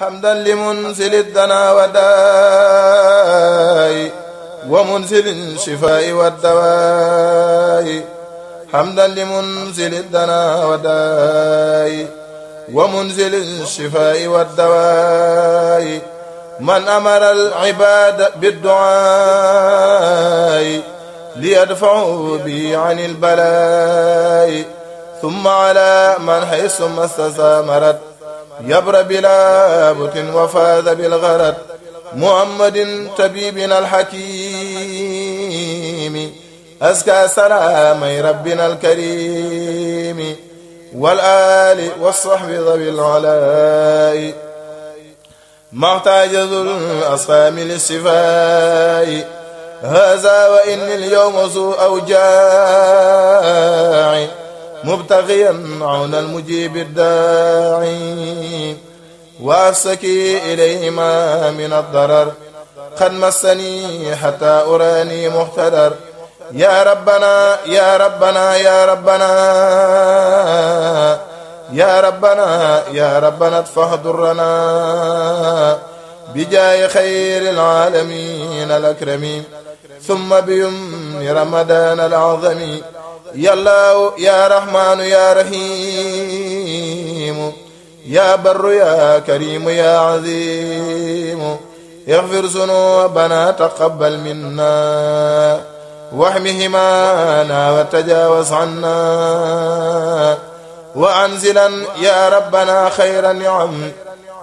حمدا لمنزل الدنا وداء ومنزل الشفاء والدواء حمدا لمنزل الدنا وداء ومنزل الشفاء والدواء من أمر العباد بالدعاء ليدفعوا به عن البلاء ثم على من حيث ما استثمرت يبر بلا بت وفاز بالغرد محمد طبيبنا الحكيم أزكى سلامي ربنا الكريم والآل والصحب ذوي العلاء محتاج ذو الأصفام للشفاء هذا وإني اليوم ذو أوجاعي مبتغيا عون المجيب الداعي وأشتكي إليهما من الضرر قد مسني حتى أراني مختدر يا ربنا يا ربنا يا ربنا يا ربنا يا ربنا ادفع ضرنا بجاه خير العالمين الأكرمين ثم بيمن رمضان العظيم yàllaaw yaa rahmaanu yaa rahiimu yaa barru yaa kariimu yaa aziimu ixfir zunuubanaa taqabbal minnaa waxmi himaanaa wa tajaawaz annaa wa anzilan yaa rabbanaa xayra nicam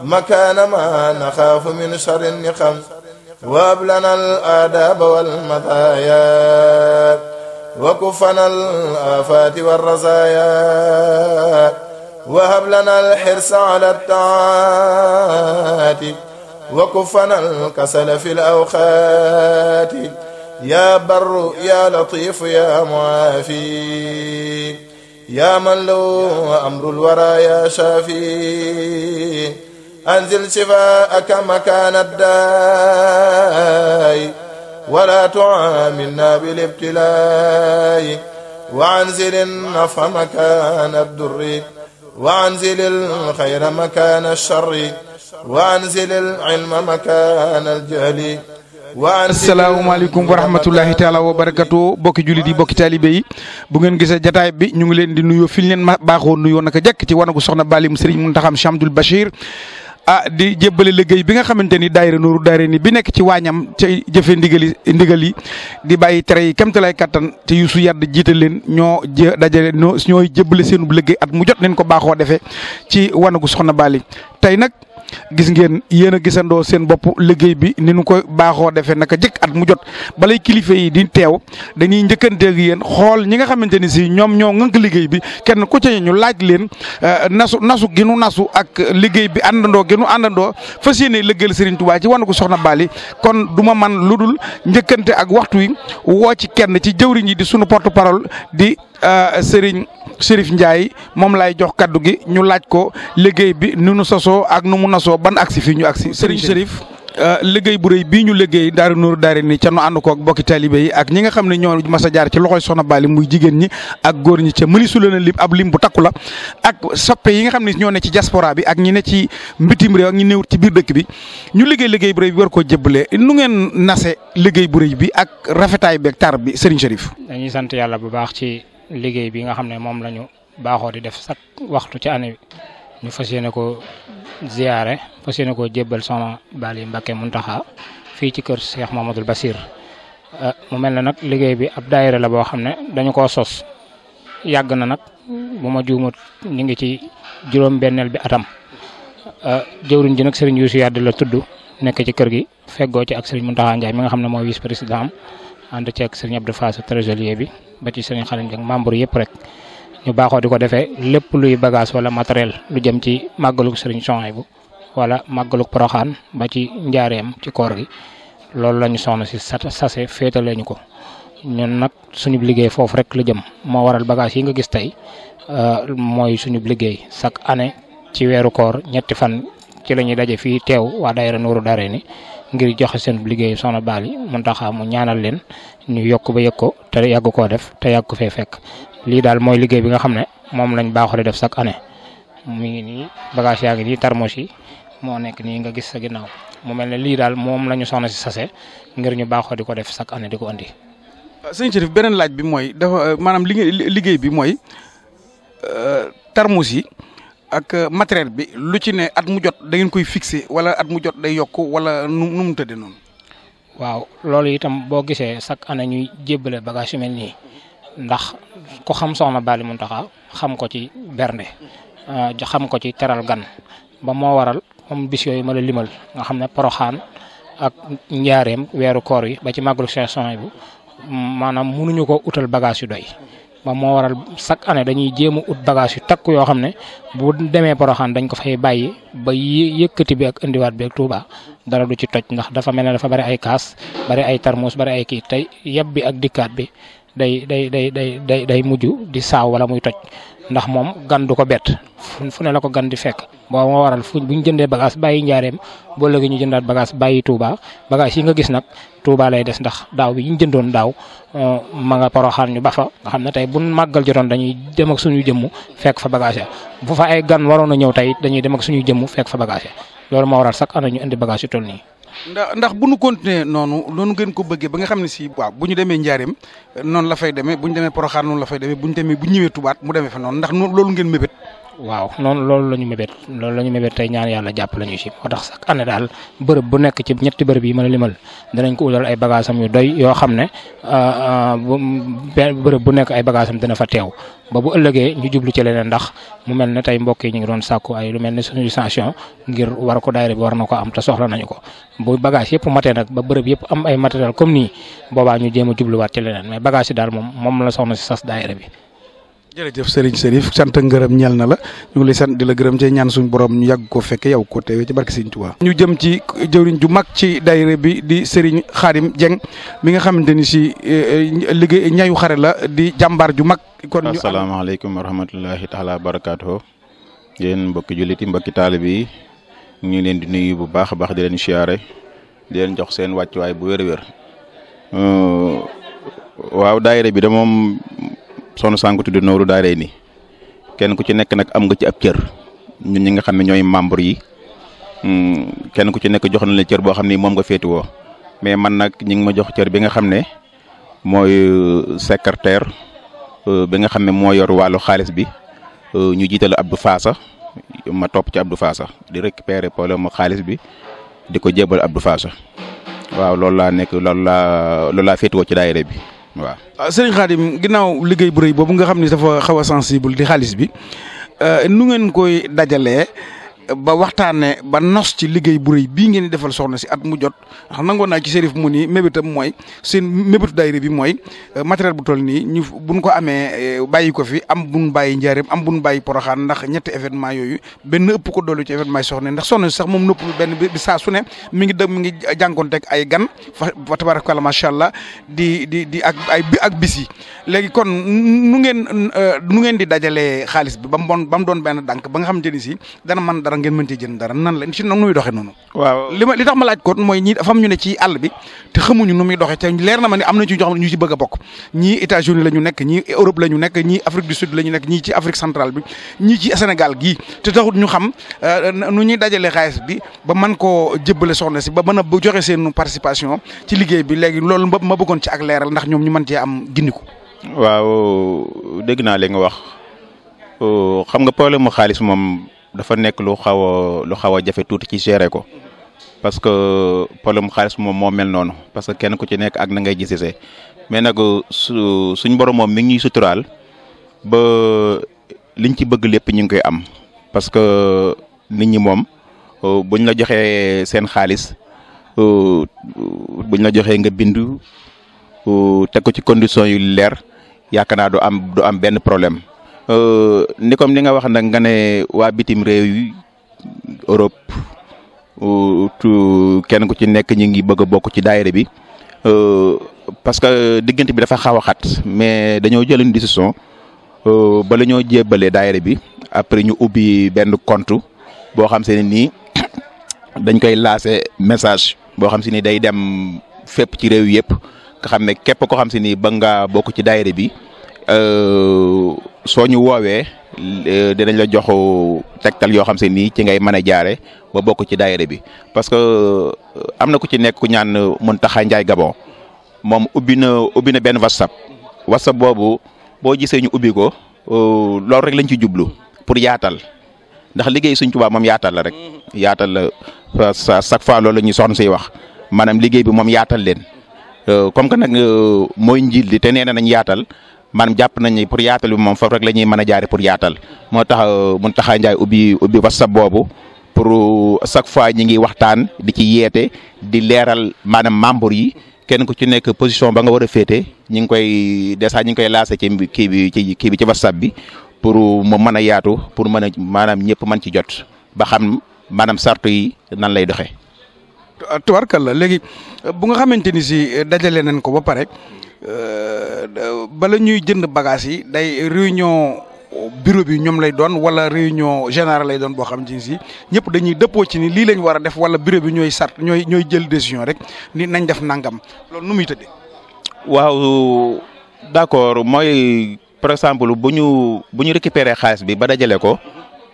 makaana maa naxaafu min sharri niqam wa ablanaa al aadaaba wal madaayaa وكفنا الآفات والرزايا وهب لنا الحرص على الطاعات وكفنا الكسل في الأوقات يا بر يا لطيف يا معافي يا من له أمر الورى يا شافي أنزل شفاءك مكان الداي ولا تعاملنا بالابتلاء وأنزل النفع مكان الدر وأنزل الخير مكان الشر وأنزل العلم مكان الجهل asalaamaaleykum wa rahmatullahi taala wa barakatu bokki jullit yi bokki taalibe yi bu ngeen gisee jataay bi ñu ngi leen di nuyoo fi ñu leen baaxoo nuyoo naka jekk ci wanagu soxna Bali mu Sëriñ Muntaxam Chamdul Bachir ah di jébbale liggéey bi nga xamante ni daayira Nuuru Daarayni bi nekk ci waañam ca jëfe ndigali ndigal yi di bàyyi tere yi kemtalaay kattan te Yuusu Yadd jiite leen ñoo jë dajale ñoo ñooy jébbale seenub liggéey at mu jot leen ko baaxoo defee ci wanagu soxna baali tey nag gis ngeen yéen a gisandoo seen bopp liggéey bi ni nu ko baaxoo defee naka jëkk at mu jot balay kilifa yi di teew dañuy njëkkanteeg yéen xool ñi nga xamante ni si ñoom ñoo ngënk liggéey bi kenn ku ci ñu laaj leen eh, nasu nasu gi nasu ak liggéey bi àndandoo gi àndandoo fas yéene liggéeyal Serigne Touba ci wan ko soxna Bali kon du ma man lu dul njëkkante ak waxtu wi woo ci kenn ci jëwriñ yi di sunu porte parole di eh, Serigne. Chérif Ndiaye moom laay jox kaddu gi ñu laaj ko liggéey bi nu nu sosoo ak nu mu nasoo ban agsi fii ñu agsi Serigne Chérif euh, liggéey bu rëy bii ñu liggéey Daaru Nuuru Daari ni ca nu ànd ko ak bokki taalibe yi ak ñi nga xam ne ñoo mas a jaar ci loxoy Soxna Bali muy jigéen ñi ak góor ñi ca mënisu leen a lib ab lim bu takku la ak yi nga xam ne ñoo ne ci diaspora bi ak ñi ne ci mbitim réew ak ñi néewut ci biir dëkk bi ñu liggéey liggéey bu rëy bi war koo jëbbalee nu ngeen nase liggéey bu rëy bi ak rafetaay beeg tar bi Serigne Chérif. dañuy sant yàlla bu baax ci liggéey bi nga xam ne moom lañu ñu baaxoo di def chaque waxtu ci année ñu fas yéene koo ziyaare fas yéene koo jébbal soxna Bally Mbacké taxa fii ci kër Cheikh Mamadou Bassir euh, mu mel ne nag liggéey bi ab daayira la boo xam ne dañu ko sos yàgg na nag bu ma juumut ñu ngi ci juróom-benneel bi atam euh, jëwriñ ji nag sëriñ Youssou Yade la tudd nekk ci kër gi feggoo ci ak sëriñ Mountakha Ndiaye mi nga xam ne mooy vice président am ànd ceeg sëriñ Abdou Fass trésorier bi ba ci sëriñ Xarim Dieng membre yëpp rek ñu baaxoo di ko defee lépp luy bagage wala matériel lu jëm ci màggalug sëriñ Souhaïbou wala màggalug Poroxaan ba ci njaareem ci koor gi loolu lañu ñu soxna si sase féetale ñu ko ñun nag suñu liggéey foofu rek la jëm moo waral bagage yi nga gis tey euh, mooy suñu liggéey chaque année ci weeru koor ñetti fan ci la ñuy daje fii teew waa daayira Nuuru Daarayni ngir joxe seen liggéey soxna Bally Mountakha mu ñaanal leen ñu yokk ba yëg ko te yàgg koo def te yàgg ko fee fekk lii daal mooy liggéey bi nga xam ne moom lañ baaxoo def chaque année mu ngi nii bagage yaa ngi nii tarmos yi moo nekk nii nga gis sa ginnaaw mu mel ne lii daal moom la ñu soxna si sase ngir ñu baaxoo di ko def chaque ane di ko andi. Euh, sëñ Chérif beneen laaj bi mooy dafa maanaam liggéey bi mooy euh, tarmos yi. ak euh, matériel bi lu ci ne at mu jot da koy fixé wala at mu jot day yokk wala nu nu mu tëddee noonu. waaw loolu itam boo gisee chaque année ñuy jébbale bagage yu mel nii ndax ku xam soxna Bally taxa xam ko ci bernde euh, xam ko ci teral gan ba moo waral moom bis yooyu ma la limal nga xam ne poroxaan ak njaareem weeru koor yi ba ci màggalu saison bu maanaam munuñu ko utal bagage yu doy moom moo waral chaque année dañuy jéem a ut bagage yu takk yoo xam ne bu demee Porokhane dañ ko fay bàyyi ba yëkkati bi ak indiwaat bi ak Touba dara du ci toj ndax dafa mel ne dafa bari ay kaas bari ay tarmus bari ay kii tey yeb bi ak dikkaat bi day day day day day day mujj di saaw wala muy toj ndax moom gan du ko bett fu ne la ko gan di fekk boo moo waral fu bu ñu jëndee bagage bàyyi njaareem boo ñu jëndaat bagage bàyyi Touba bagage yi nga gis nag Touba lay des ndax daaw bi ñu jëndoon daaw euh, ma nga poroxaan ñu ba fa nga xam ne tey bu màggal jotoon dañuy dem ak suñu jëmm fekk fa bagage bu fa ay gan waroon a ñëw tey dañuy dem ak suñu jëmm fekk fa bagage loolu moo waral sax ana ñu indi bagage yu toll nii. ndax ndax bu nu continuer noonu noonu ngeen ko bëggee ba nga xam ne si waaw bu ñu demee njaareem noonu la fay demee bu ñu demee poroxaan noonu la fay demee bu ñu demee bu ñëwee tubaat mu demee fa noonu ndax loolu ngeen mébét waaw noonu loolu la ñu mébét loolu la ñu mébét tey ñaan yàlla jàpp la ñu si moo tax sax année daal bërëb bu nekk ci ñetti bërëb yi mën a limal danañ ko utal ay bagages yu doy yoo xam ne euh, euh, bërëb bu nekk ay bagages am dana fa teew ba bu ëllëgee ñu jublu ci leneen ndax mu mel ne tey mbokk yi ñu ngi doon sàkku ay lu mel ne suñu station ngir war ko daayira bi war na ko am te soxla nañu ko bu bagage yëpp matee nag ba bërëb yëpp am ay matériel comme nii boobaa ñu jéem a jubluwaat ci leneen mais daal moom moom la soxna si sas daayira bi jërëjëf Serigne Serif sant ngërëm ñel na la ñu ngi lay sant di la gërëm ci ñaan suñu borom ñu yàgg ko fekke yow ko teewee ci barke Serigne Touba ñu jëm ci jëwriñ ju mag ci daayira bi di Serigne Khadim Dieng mi nga xamante ni si e, e, liggéey ñayu xare la di jàmbaar ju mag kon ñu asalaamaaleykum wa rahmatullahi taala wa barakaatuhu yéen mbokki jullit yi mbokki taalib yi ñu ngi leen di nuyu bu baax a baax di leen siyaare di leen jox seen wàccuwaay bu wér-wér waaw daayira bi da moom soxna sànq tudd nooru daaree ni kenn ku ci nekk nag am nga ci ab cër ñun ñi nga xam ne ñooy membre yi mm, kenn ku ci nekk jox na la cër boo xam ni moom nga féetiwoo mais man nag ñi ngi ma jox cër bi nga xam ne mooy euh, secrétaire euh, ba nga xam ne moo yor wàllu xaalis bi euh, ñu jiital Abdou Faasa ma topp ci Abdou Faasa di récupérer problème mu xaalis bi di ko jébal Abdou Faasa waaw loolu laa nekk loolu laa loolu laa féetiwoo ci daayira bi. waaw ah, sëriñ Khadim ginnaaw liggéey bu rëy boobu nga xam ni dafa xaw a sensible di xaalis bi euh, nu ngeen koy dajalee. ba waxtaanee ba nos ci liggéey bu rëy bii ngeen di defal soxna si at mu jot ndax nangoon naa ci sérif mu nii mébétam mooy seen mébétu daayira bi mooy euh, matériel bu toll nii ñu buñ ko amee euh, bàyyi ko fi am buñ bàyyi njaareem am buñ bàyyi poroxaan ndax ñetti événement yooyu benn ëpp ko dolli ci événement yi soxna ndax soxna si sax moom nëpp benn bi saa su ne mi ngi dem mi ngi jànkoonteeg ay gan fa tabarakallah macha allah di di di ak ay bi ak bis léegi kon nu ngeen euh, nu ngeen di dajalee xaalis bi ba mu doon ba mu doon benn dànk ba nga xam ni si dana man dara tax ngeen mën cee jënd dara nan la ci nag nu muy doxee noonu. waaw li tax ma laaj ko mooy ñi fam ñu ne ci àll bi te xamuñu nu muy doxee te leer na ma ne am na ci ñoo xam ne ñu ci bëgg bokk ñii États-Unis la nekk ñii Europe la nekk ñii Afrique du Sud la nekk ñii ci Afrique centrale bi ñii ci Sénégal gii te taxut ñu xam euh, nu ñuy dajale xaalis bi ba mën koo jëbbale soxna si ba mën a joxe seen participation ci liggéey bi léegi loolu ma bëggoon ci ak leeral ndax ñoom ñu mën cee am gindiku waaw dégg naa li nga wax euh, xam nga problème mu xaalis moom dafa nekk lu xaw a lu xaw a jafe tuuti ci gérer ko parce que problème xaalis moom moo mel noonu parce que kenn ku ci nekk ak na ngay gisisee mais nag su suñ borom moom mi ngi ñuy suturaal ba liñ ci bëgg lépp ñu ngi koy am parce que nit ñi moom euh, buñ la joxee seen xaalis euh, buñ la joxee nga bindu euh, teg ko ci condition yu leer yaakaar naa du am du am benn problème. Euh, ni comme li nga wax nag nga ne waa bitim réew yi Europe kenn ku ci nekk ñu ngi bëgg bokk ci daayira bi euh, parce que diggante bi dafa xaw a xat mais dañoo jël disison décision euh, ba ñoo jébbalee daayira bi après ñu ubbi benn compte boo xam se ne nii dañ koy lancé message boo xam se ni day dem fépp ci réew yëpp nga xam ne képp koo xam se ni ba nga bokk ci daayira bi. soo ñu woowee euh, dinañ la jox tegtal yoo xam se nii ci ngay mën a jaare ba bokk ci daayira bi parce que euh, am na ku ci nekk ku ñaan euh, Mountakha Ndiaye Gabon moom ubbi na ubbi na benn whatsapp whatsapp boobu boo gisee ñu ubbiko ko loolu rek lañ ci jublu pour yaatal ndax liggéey suñ Sëñ waa moom yaatal la rek yaatal la chaque fois loolu la ñuy soxna siy wax maanaam liggéey bi moom yaatal leen comme que nag mooy njiit di te nee na nañ yaatal maanaam jàpp nañ ni pour yaatal bi moom foofu rek la ñuy mën a jaare pour yaatal moo tax euh, mun taxaa njaay ubbi ubbi whatsapp boobu pour euh, chaque fois ñi ngi waxtaan di ci yeete di leeral maanaam membre yi kenn ku ci nekk position ba nga war a féete ñi ngi koy dèjà ñi ngi koy laase ci kii bi ci kii bi ci whatsapp bi pour mu mën a yaatu pour mën a maanaam ñëpp mën ci jot ba xam maanaam sartu yi nan lay doxee. tubarkalla léegi bu nga xamante ni si dajale nañ ko ba pare. Euh, euh, bala ñuy jënd bagaas yi day réunion bureau bi ñoom lay doon wala réunion générale lay doon boo xam ne si ñëpp dañuy dëppoo ci ni lii lañ war a def wala bureau bi ñooy sart ñooy ñooy jël décision rek ni nañ def nangam loolu nu muy tëddee. waaw d'accord mooy par exemple bu ñu bu ñu récupérer xaalis bi ba dajale ko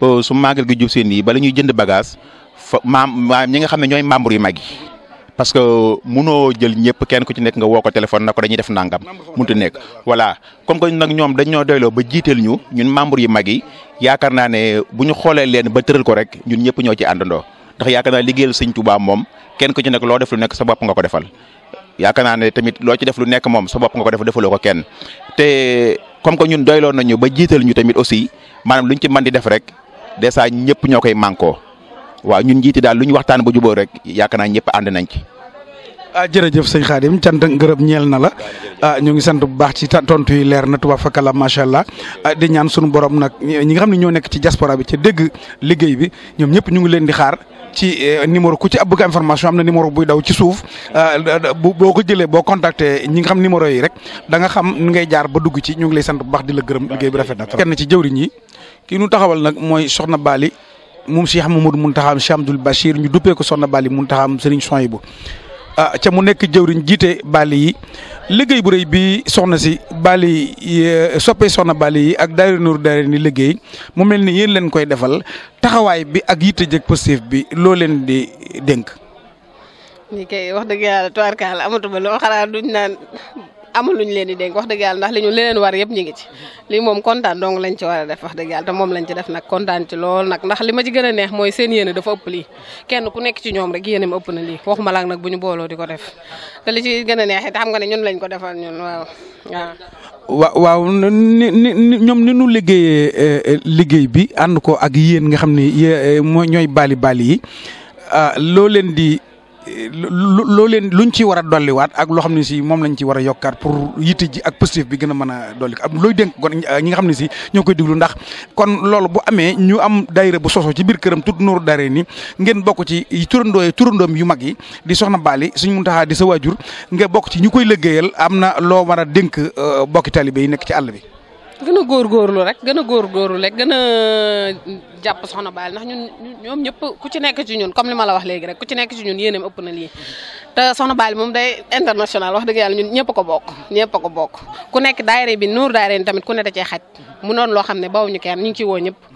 euh, su màggal gi jub seen yi bala ñuy jënd bagage fa maam ñi nga xam ne ñooy membres yu mag yi parce que munoo jël ñëpp kenn ku ci nekk nga woo ko téléphone na ko dañuy def nangam mënut nekk voilà comme que nag ñoom dañ ñoo doyloo ba jiiteel ñu ñun membre yu mag yi yaakaar naa ne bu ñu xoolee leen ba tëral ko rek ñun ñëpp ñoo ci àndandoo ndax yaakaar naa liggéeyal sëñ Touba moom kenn ku ci nekk loo def lu nekk sa bopp nga ko defal yaakaar naa ne tamit loo ci def lu nekk moom sa bopp nga ko def defaloo ko kenn te comme que ñun doyloo nañu ba jiital ñu tamit aussi maanaam luñ ci mën di def rek dèjà ñëpp ñoo koy mànkoo waaw ñun njiiti daal lu ñu waxtaan ba jubóo rek yaakaar naa ñëpp ànd nañ ci. ah jërëjëf sëñ Khadim cant ngërëm ñeel na la ah ñu ngi sant bu baax ci tontu yi leer na tuba fakala macha allah ah, di ñaan sunu borom nag ñi nga xam ne ñoo nekk ci diaspora bi ci dégg liggéey bi ñoom ñëpp ñu ngi leen di xaar ci eh, numéro ku ci a bëgg information am na numéro buy daw ci suuf ah, boo ko jëlee boo contacté ñi nga xam numéro yi rek danga xam nu ngay jaar ba dugg ci ñu ngi lay sant bu baax di la gërëm liggéey bi rafet na kenn ci jëwriñ yi ki ñu taxawal nag mooy soxna Bali moom Cheikh Mamadou Muntaxam Cheikh Abdoul Bachir ñu duppee ko Soxna Bali Muntaxam Serigne Souhaïbou ah ca mu nekk jëwriñ jiite Bali yi liggéey bu rëy bi soxna si Bali yi eh, soppee Soxna Bali yi ak daayira Nuuru Daarayni liggéey mu mel ni yéen leen koy defal taxawaay bi ak yitte jëkk positif bi loo leen di dénk. ñi kay wax dëgg yàlla tubaarkaala amatuma loo xalaat duñ naan amul luñ leen di dénk wax dëgg yàlla ndax li ñu leneen war yëpp ñu ngi ci lii moom kontaan dong lañ ci war a def wax dëgg yàlla te moom lañ ci def nag kontaan ci lool nag ndax li ma ci gën a neex mooy seen yéene dafa ëpp lii kenn ku nekk ci ñoom rek yéene ma ëpp na lii waxuma laak nag bu ñu booloo di ko def te li ci gën a neex it xam waaw waaw waaw waaw ni ñoom ni ñu liggéeyee eh, liggéey bi ànd ko ak yéen nga xam ne eh, mooy ñooy baali baali yi ah, loo di loo leen luñ ci war a dolliwaat ak loo xam ne si moom lañ ci war a yokkaat pour yitte ji ak positif bi gën a mën a dolli ko ak looy dénk kon ñi nga xam ne si ñoo koy diglu ndax kon loolu bu amee ñu am daayira bu soso ci biir këram tudd daree Daarayni ngeen bokk ci turandoo turandoom yu mag yi di soxna Baali mun Muntaxa di sa waajur nga bokk ci ñu koy liggéeyal am na loo war a dénk euh, bokki taalibe yi nekk ci àll bi. gën a góorgóorlu rek goor a góorgóorlu rek gën a jàpp soxna baal ndax ñun ñoom ñëpp ku ci nekk ci ñun comme li ma la wax léegi rek ku ci nekk ci ñun yéeneem ëpp na lii te soxna Baali moom day international wax dëgg yàlla ñun ñëpp ko bokk ñëpp ko bokk ku nekk daayira bi nuur daayira tamit ku ne da cee mu noonu loo xam ne baw ñu kenn ñu ngi ciy woo ñëpp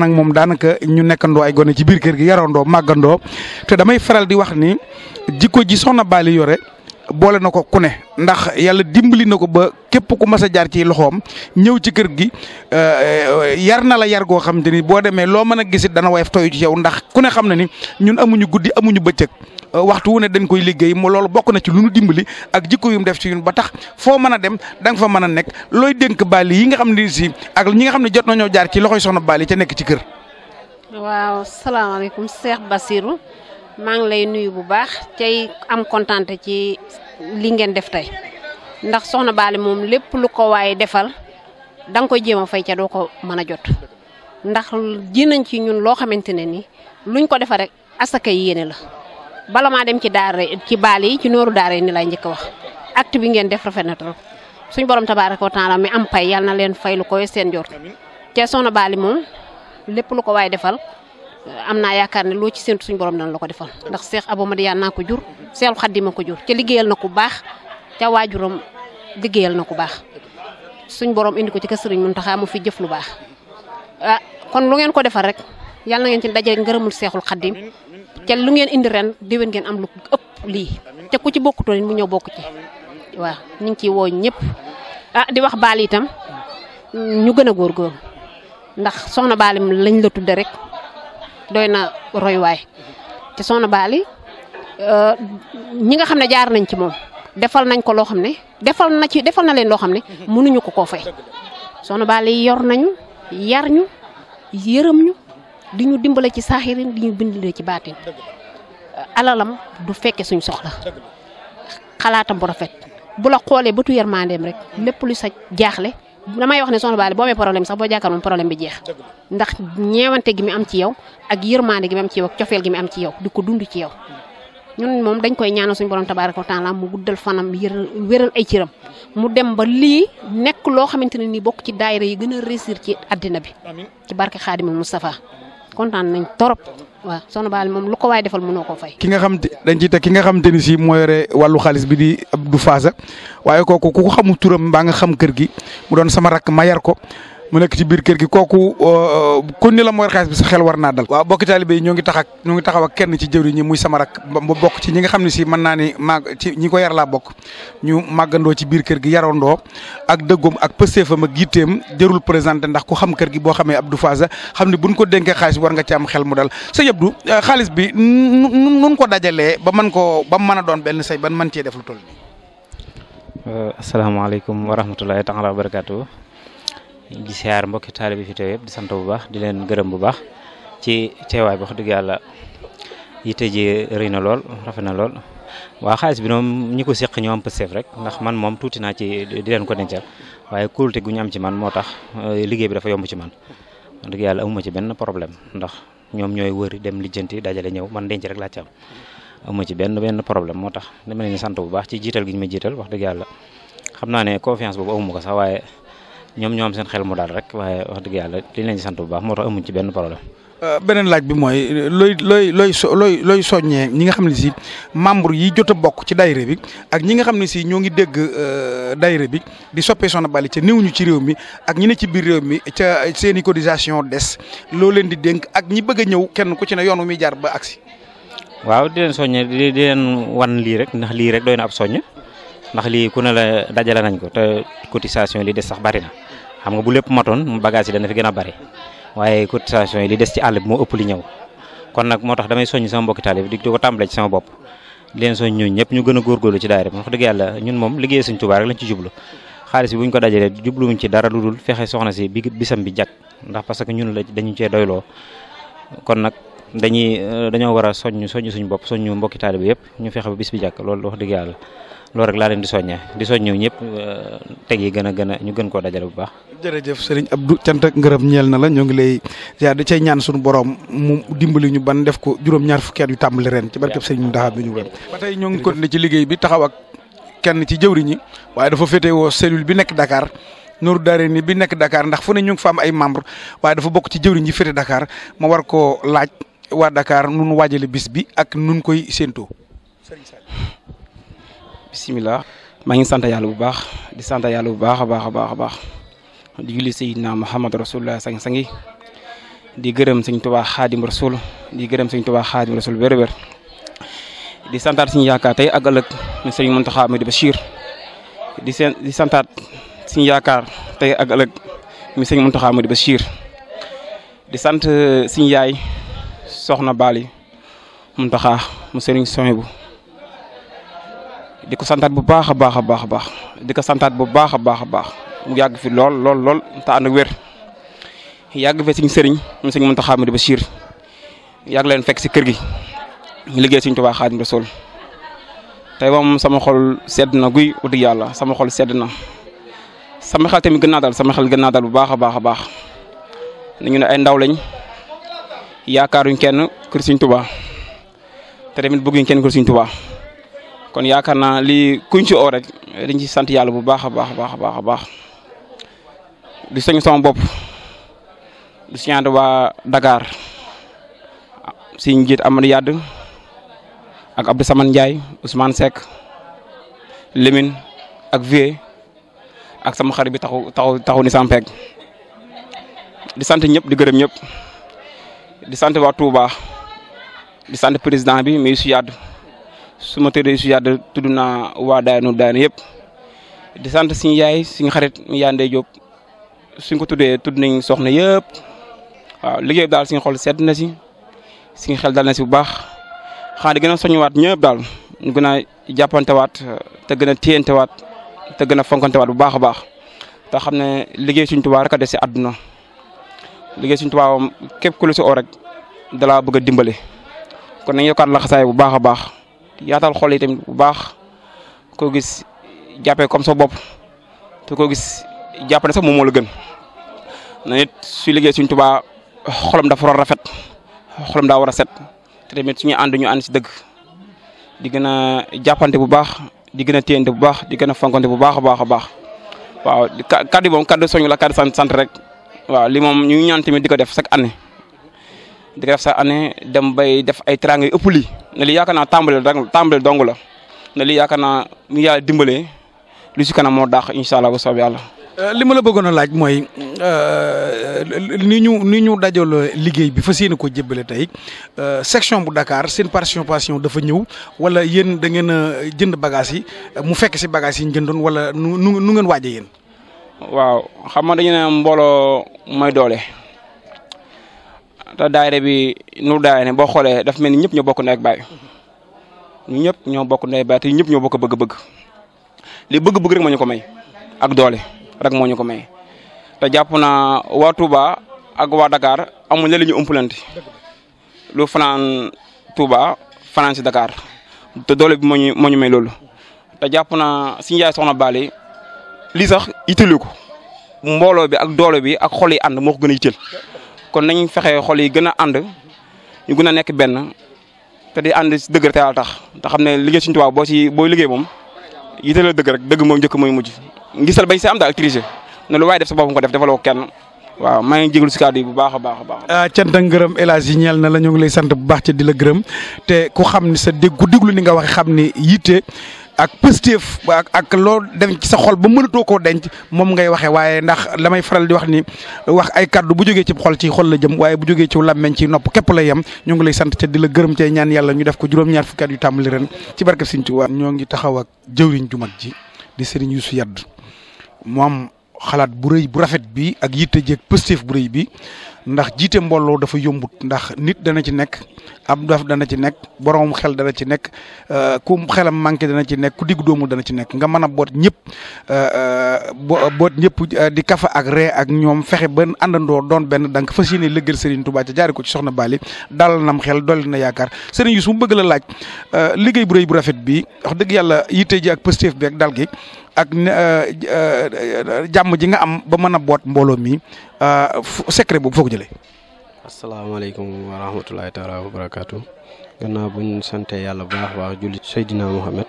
nag moom daanaka ñu nekkandoo ay gone ci biir kër gi yarandoo màggandoo te damay faral di wax ni jikko ji soxna Bally yore boole na ko ku ne ndax yàlla dimbali na ko ba képp ku mas a jaar ci loxoom ñëw ci kër gi euh, yar na la yar goo xam ni boo demee loo mën a gisit dana woyof toyu ci yow ndax ku ne xam na ni ñun amuñu guddi amuñu bëccëg euh, waxtu wu ne dañ koy liggéey mu loolu bokk na ci lu nu dimbali ak jikko yu mu def ci ñun ba tax foo mën a dem da nga fa mën a nekk looy dénk baal yi nga xam ne si ak ñi nga xam ne jot nañoo jaar ci loxo loxoy soxna baali ca nekk ci kër. waaw salaamaaleykum maa ngi lay nuyu bu baax tey am kontante ci lii ngeen def tey ndax soxna Bally moom lépp lu ko waay defal danga koy jéem a fay ca doo ko mën a jot ndax ji nañ ci ñun loo xamante ne ni luñ ko defal rek asaka yéene la bala maa dem ci daara ci baal yi ci nooru daara yi ni lay njëkk wax acte bi ngeen def rafet na trop suñ borom tabaaraka wa taala mi am pay yàlla na leen fay lu koy seen jot te soxna Bally moom lépp lu ko waaye defal. am naa yaakaar ne loo ci séntu suñu borom dana la ko defal ndax Cheikh Abou Madiyana naa ko jur Cheikh Xadima ko jur ca liggéeyal na ku baax ca waajuram liggéeyal na ku baax suñ borom indi ko ci ka sëriñ Serigne Mountakha mu fi jëf lu baax ah kon lu ngeen ko defal rek yàlla ngeen ci daje ngërëmul Seexul Xaddim ca lu ngeen indi ren déwén ngeen am lu ëpp lii te ku ci bokkutoo mu ñëw bokk ci waaw ñu ngi ciy woo ñëpp ah di wax baal itam ñu gën a góorgóorlu ndax soxna baalim lañ la tudde rek doy na royuwaay te soxna Bally euh, ñi nga xam ne jaar nañ ci moom defal nañ ko loo xam ne defal na ci defal na leen loo xam ne mënuñu ko koo fay soxna Bally yor nañu yar ñu yërëm ñu di ñu dimbale ci saaxirin di ñu bindale ci baatin alalam du fekke suñ soxla xalaatam bu rafet bu la xoolee bëtu yërmandeem rek lépp lu sa jaaxle damay wax ne soxna Bally boo amee problème sax boo jàkkaar moom problème bi jeex ndax ñeewante gi mu am ci yow ak yërmande gi mu am ci yow ak cofeel gi mu am ci yow di ko dund ci yow ñun moom dañ koy ñaanal suñu borom tabaaraka wa taala mu guddal fanam yër wéral ay ram mu dem ba lii nekk loo xamante ne nii bokk ci daayira yi gën a réussir ci àddina bi ci barke Xaadimul Moustapha kontaan nañ torop waaw soxna Baali moom lu ko waay defal mënoo ko fay. ki nga xam dañ ciy teg ki nga xamante ni si moo yore wàllu xaalis bi di Abdou Faasa waaye kooku ku ko xamul turam mbaa nga xam kër gi mu doon sama rakk ma yar ko mu nekk ci biir kër gi kooku euh, kon ni la mooy xaalis bi sa xel war naa dal waaw bokk taalibe yi ñoo ngi tax ak ñoo taxaw a kenn ci jëru ñi muy sama rak mu bokk ci ñi nga xam ne si mën naa ni maag ci ñi ko yar bokk ñu màggandoo ci biir kër gi yarandoo ak dëggoom ak pësteefam ak yitteem jërul présenter ndax ku xam kër gi boo xamee Abdou Faza xam ne buñ ko dénkee xaalis war nga ci am xel mu dal sa yëb du euh, xaalis bi nun ko dajalee ba man ko ba mën a doon benn say ban man cee def lu toll nii euh, asalaamaaleykum wa rahmatulahi taala wa barakatuh di siyaar mbokki taalibe bi fi teew yëpp di sant bu baax di leen gërëm bu baax ci teewaay bi wax dëgg yàlla yitte ji rëy na lool rafet na lool waa xaalis bi noom ñi ko seq ñoo am rek ndax man moom tuuti naa ci di leen ko dencal waaye kóolute gu ñu am ci man moo tax euh, liggéey bi dafa yomb ci man wax dëgg yàlla amuma ci benn problème ndax ñoom ñooy wër dem lijjanti dajale ñëw man denc laa ci am amuma ci benn benn problème moo tax dama leen sant bu baax ci jiital gi ñu jiital wax dëgg yàlla xam naa ne confiance boobu amuma ko sax ñoom ñoo am seen xel mu daal rek waaye wax dëgg yàlla li leen di sant bu baax moo tax amuñ ci benn problème. Euh, beneen laaj bi mooy looy looy looy so looy looy soññee ñi nga xam ne si membre yi jot a bokk ci daayira bi ak ñi nga xam ne si ñoo ngi dégg euh, daayira bi di soppee Soxna Bally ca néew ñu ci réew mi ak ñi ne ci biir réew mi ca seen i cotisation des loo leen di dénk ak ñi bëgg ñëw kenn ku ci ne yoon wi muy jaar ba agsi waaw di leen soññee di leen wan lii rek ndax lii rek doy na ab soññ ndax lii ku ne la dajale nañ ko te cotisation li des sax bari na xam nga bu lépp matoon bagage yi dana fi gën a bari waaye cotisation yi li des ci àll bi moo ëpp li ñëw kon nag moo tax damay soññ sama mbokki taalib di ko bopp di leen soññ ñu gën a góorgóorlu ci daayira bi yàlla ñun moom liggéey Sëñ Tuubaa rek lañ ci buñ ko dajalee jubluwuñ ci dara lu dul fexe soxna si bi bisam bi jag ndax parce que ñun la dañu cee doyloo kon nag dañuy euh, dañoo war a soññ soññ suñu bopp soññ mbokki taalib yëpp ñu fexe ba bis bi jàkk loolu wax dëgg yàlla loolu rek laa leen di soññee di soññu ñëpp euh, teg yi gën a gën a ñu gën koo dajale bu baax. jërëjëf Serigne Abdou cant ak ngërëm ñeel na la ñoo ngi lay yaa di ñaan suñu boroom mu dimbali ñu ban def ko juróom-ñaar fukki at ren ci barkeb Serigne Mountakha bi ñu tey ñoo ngi continué ci liggéey bi taxaw kenn ci jëwriñ ñi waaye dafa féetewoo cellule bi nekk dakaar nooru daare ni bi nekk Dakar ndax fu ne ñu ngi fa ay membre waaye dafa bokk ci jëwriñ ji féete Dakar ma war koo laaj waa Dakar nun waajale bis bi ak nun koy séentoo bisimilah. maa ngi sant yàlla bu baax di sant yàlla bu baax a baax a baax a baax di julli sayyidina Muhammad rasulullah sang sangi di gërëm sëñ Tuubaa xaadim rasul di gërëm sëñ Tuubaa xaadim rasul wér wér di santaat suñu yaakaar tey ak ëllëg sëriñ Muntaxa Ahmadu Bachir di seen di santaat suñu yaakaar tey ak ëllëg mi sëriñ Muntaxa Ahmadu Bachir di sant eh, suñu soxna Bali Muntaxa mu sëriñ di ko santaat bu baax a baax a baax a baax di ko santaat bu baax a baax a baax mu yàgg fi lool lool lool te ànd ak wér yàgg fe suñ sëriñ mu suñ Muntaxa Ahmadu Bachir yàgg leen fekk si kër gi ñu liggéey suñ Tuubaa Xaadimu Rasuul tey moom sama xol sedd na guy ut yàlla sama xol sedd na sama xel tamit gën naa daal sama xel gën naa daal bu baax a baax a baax ñu ne ay ndaw lañ yaakaaruñ kenn kër suñ Tuubaa te tamit bëgguñ kenn kër suñ Tuubaa kon yaakaar naa lii kuñ ci oo rek dañ ci sant yàlla bu baax a baax a baax a baax di sañ sama bopp di sant waa Dakar si njiit Amadou Yade ak Abdou Saman Ndiaye Ousmane Seck Lemine ak Vieux ak sama xarit bi taxu taxu taxu ni Sampeg di sant ñëpp di gërëm ñëpp di sant waa Touba di sant président bi muy su Yade su ma tëddee si tudd na waa daanu daanu yëpp di sant siñ yaay suñu xarit Yande Diop suñ ko tuddee tudd nañ soxna yëpp waaw liggéey daal suñu xol sedd na si suñu xel dal na si bu baax xanaa di gën a soññewaat ñëpp daal ñu gën a jàppantewaat te gën a téyantewaat te gën a fonkantewaat bu baax a baax te xam ne liggéey suñ Tuubaa rek a des si àdduna liggéey suñ Tuubaa képp ku la rek dalaa bëgg a dimbale kon nañ yokkaat laxasaay bu baax a baax. yaatal xol yi tamit bu baax koo gis jàppe comme sa bopp te ko gis jàpp ne sax moom moo la gën na nit suy liggéey suñ tubaa xolam dafa war rafet xolam daa war a set te tamit suñuy ànd ñu ànd si dëgg di gën a jàppante bu baax di gën a téyante bu baax di gën a fonkante bu baax a baax a baax waaw kaddu yi moom kaddu soñ la kaddu sant sant rek waaw li moom ñu ñaan tamit di ko def chaque année di def sa année dem bay def ay trang yu ëpp lii ne lii yaakaar naa tàmbale tàmbale dong la ne lii yaakaar naa mu yàlla dimbalee lu si kanam moo daax incha allah bu soobee yàlla. Euh, li ma la bëggoon a laaj mooy euh, ni ñu ni ñu dajal liggéey bi fa fas yéene ko jébbale tey euh, section bu dakaar seen participation dafa ñëw wala yéen da ngeen a jënd bagages yi mu fekk si bagages yi ñu jëndoon wala nu nu ngeen waaj a yéen. waaw xam nga dañu ne mbooloo mooy doole. te daayira bi Nuuru Daarayni boo xoolee daf mel ni ñëpp ñoo bokk ndey ak baay ñu ñëpp ñoo bokk ndey baay te ñëpp ñoo bokk bëgg-bëgg li bëgg-bëgg rek moo ko may ak doole rek mooñu ko may te jàpp na waa ak waa Dakar amuñ la li ñu umpalante lu fanaan Touba fanaan si Dakar te doole moo ñu may loolu te jàpp naa si yaay soxna Bally lii sax itteelu ko mbooloo bi ak doole bi ak xol yi ànd moo ko gën a itteel kon nañ fexe xol yi gën a ànd ñu gën a nekk benn te di ànd si dëgg te a tax te xam ne liggéey suñu tubaab boo si boo liggéey moom yite la dëgg rek dëgg mooy njëkk mooy mujj ngisal bañ si am daal utiliser ne lu waaye def sa bopp nga def defaloo kenn waaw maa ngi jégalu si kàddu yi bu baax a baax a baax. Ah, cant ak ngërëm El Hadj na la ñu ngi lay sant bu baax ci di la gërëm te ku xam ni sa dégg ku déglu ni nga waxe xam ni yitte ak positif ak ak loo dem ci sa xol ba mënatoo koo denc moom ngay waxe waaye ndax lamay faral di wax ni wax ay kaddu bu jógee ci xol ci xol la jëm waaye bu jógee ci làmmeñ ci nopp képp la yem ñu ngi lay sant te di la gërëm te ñaan yàlla ñu def ko juróom-ñaar fukki at yu tàmbali ren ci barkeb Sëriñ Tuubaa ñoo ngi taxaw ak jëwriñ ju mag ji di Sëriñ Yuusu Yadd moom xalaat bu rëy bu rafet bi ak yitte jéeg positif bu rëy bi ndax jiite mbooloo dafa yombut ndax nit dana ci nekk am daf dana ci nekk borom xel dana ci nekk euh, ku xelam manqué dana ci nekk ku digg doomu dana ci nekk nga mën a boot ñëpp euh, euh, boot ñëpp di kafa ak ree ak ñoom fexe ba àndandoo doon benn danga fas yéene lëggal Serigne Touba ca jaari ko ci soxna baali dalal nam xel dolli na yaakaar Serigne Youssou mu bëgg la laaj liggéey bu rëy bu rafet bi wax dëgg yàlla yitte ji ak positif bi ak dal gi ak ne jàmm ji nga am ba mën a boot mbooloo mi Euh, secret bu foo ko jëlee. asalaamaaleykum wa rahmatulahi taala wa barakaatu. gannaaw bu ñu santee yàlla bu baax a baax julli Seydina Mohamed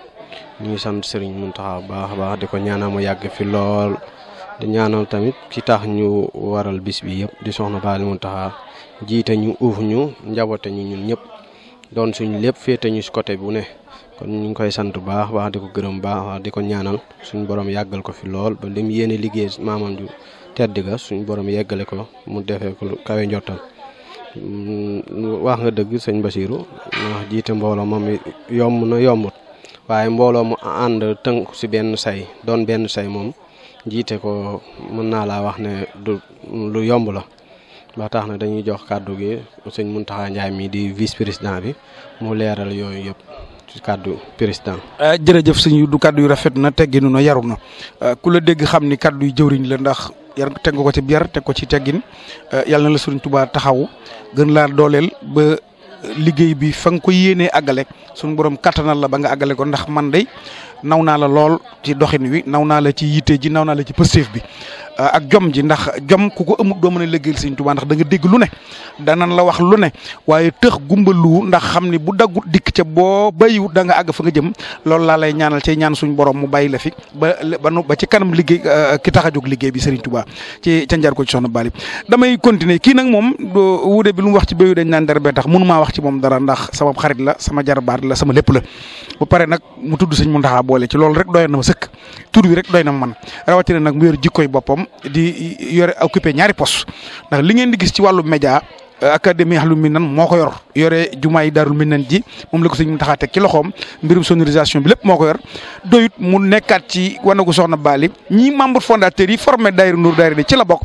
ñu sant Serigne Mountakha taxaw baax a baax di ko ñaanal mu yàgg fi lool di ñaanal tamit ci tax ñu waral bis bi yëpp di soxna Baali Mountakha jiite ñu uuf ñu njaboote ñu ñun ñëpp doon suñ lépp féete ñu si côté bu ne kon ñu ngi koy sant baax baax di ko gërëm baax di ko ñaanal suñu borom yàggal ko fi lool ba lim yéene liggéey maamam ju tedd ga suñu borom yeggale ko mu defee ko kawe njortam mm, wax nga dëgg sëñ Basiiru wax jiite mbooloo moom yomb na yombut waaye mbooloo mu ànd tënku ci benn say doon benn say moom jiite ko mën naa laa wax ne du lu yomb la ba tax na dañuy jox kàddu gi sëñ Muntaxa Njaay mi di vice président bi mu leeral yooyu yëpp ci kàddu président. Eh, jërëjëf suñu du kàddu yu rafet na tegginu na yaru na eh, ku la dégg xam ni kàddu yi jëwriñ la ndax yar teg nga ko ci yar teg ko ci teggin eh, yàlla na la Sëriñ Tuubaa taxawu gën laa dooleel ba liggéey bi fa nga ko yéenee aggale suñu borom kàttanal la ba nga àggale ko ndax man de naw naa la lool ci doxin wi naw naa la ci yitte ji naw naa la ci positif bi. Euh, ak jom ji ndax jom ku ko amut doo mën a liggéeyal sëñ Tuubaa ndax da nga dégg lu ne danan la wax lu ne waaye tëx gumbalu ndax xam ni bu daggut dikk ca boo bayiwut da nga àgg fa nga jëm loolu laa lay ñaanal cay ñaan suñ borom mu bay la fi ba ba ci kanam liggéey euh, ki tax a jóg liggéey bi sëriñ Tuubaa ci ca njar ko ci soxna Bali damay continuer kii nag moom wuude bi lu wax ci béyu dañ naan dara bee tax mënu wax ci moom dara ndax sama xarit la sama jarbaat la sama lépp la ba pare nag mu tudd sëñ Muntaxa boole ci loolu rek doy na ma sëkk tur bi rek doy na ma man rawatina nag mu yor jikkoy boppam di yore occupé ñaari poste ndax li ngeen di gis ci wàllu média académie Ahlul Minan moo ko yor yore yi jumaay Darul Minan ji moom la ko sëñ Muntaxa teg ci loxoom mbirum sonorisation bi lépp moo ko yor doyut mu nekkaat ci wanagu soxna baali ñii membre fondateur yi formé Daayira Nuur Daarayni ci la bokk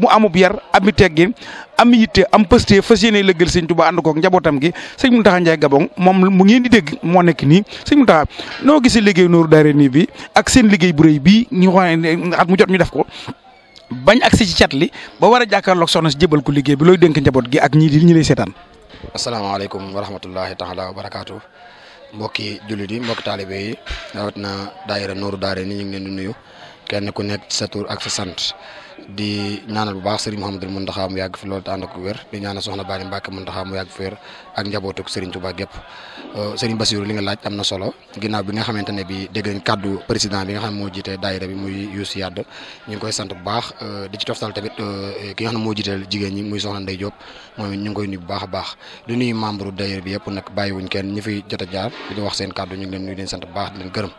mu amub yar ami teggin am yitte am pëste fas yéene lëggal sëñ Tuubaa ànd koog njabootam gi sëñ taxa Njaay Gabon moom mu ngeen di dégg moo nekk nii sëñ Muntaxa noo gisee liggéey Nuur nii bi ak seen liggéey bu rëy bii ñu xoolee at mu jot ñu def ko. bañ agsi ci cat li ba war a jàkkaarloog soxna si jébal ko liggéey bi looy dénk njaboot gi ak ñii di ñi lay seetaan. asalaamaaleykum wa rahmatullahi taala wa barakaatu mbokki jullit yi mbokki taalibe yi na daayira Nooru Daara ni ñu ngi leen di nuyu kenn ku nekk sa tur ak sa sant. di ñaanal bu baax Serigne Mouhamadou Mountakha mu yàgg fi loolu te ànd ak wér di ñaanal soxna Bali Mbacke Mountakha mu yàgg fi wér ak njabootuk Serigne Touba gépp euh, Serigne Bassirou li nga laaj am na solo ginnaaw bi nga xamante ne bi dégg kàddu président bi nga xam ne moo jiite daayira bi muy Youssou Yade ñu ngi koy sant bu baax euh, di ci toftal tamit euh, ki nga xam ne moo jiiteel jigéen ñi muy soxna Ndey Diop moom ñu ngi koy nuyu bu baax baax di nuyu membre daayira bi yëpp nag bàyyiwuñ kenn ñi fiy jot a jaar di wax seen kàddu ñu ngi leen nuyu leen sant bu baax di leen gërëm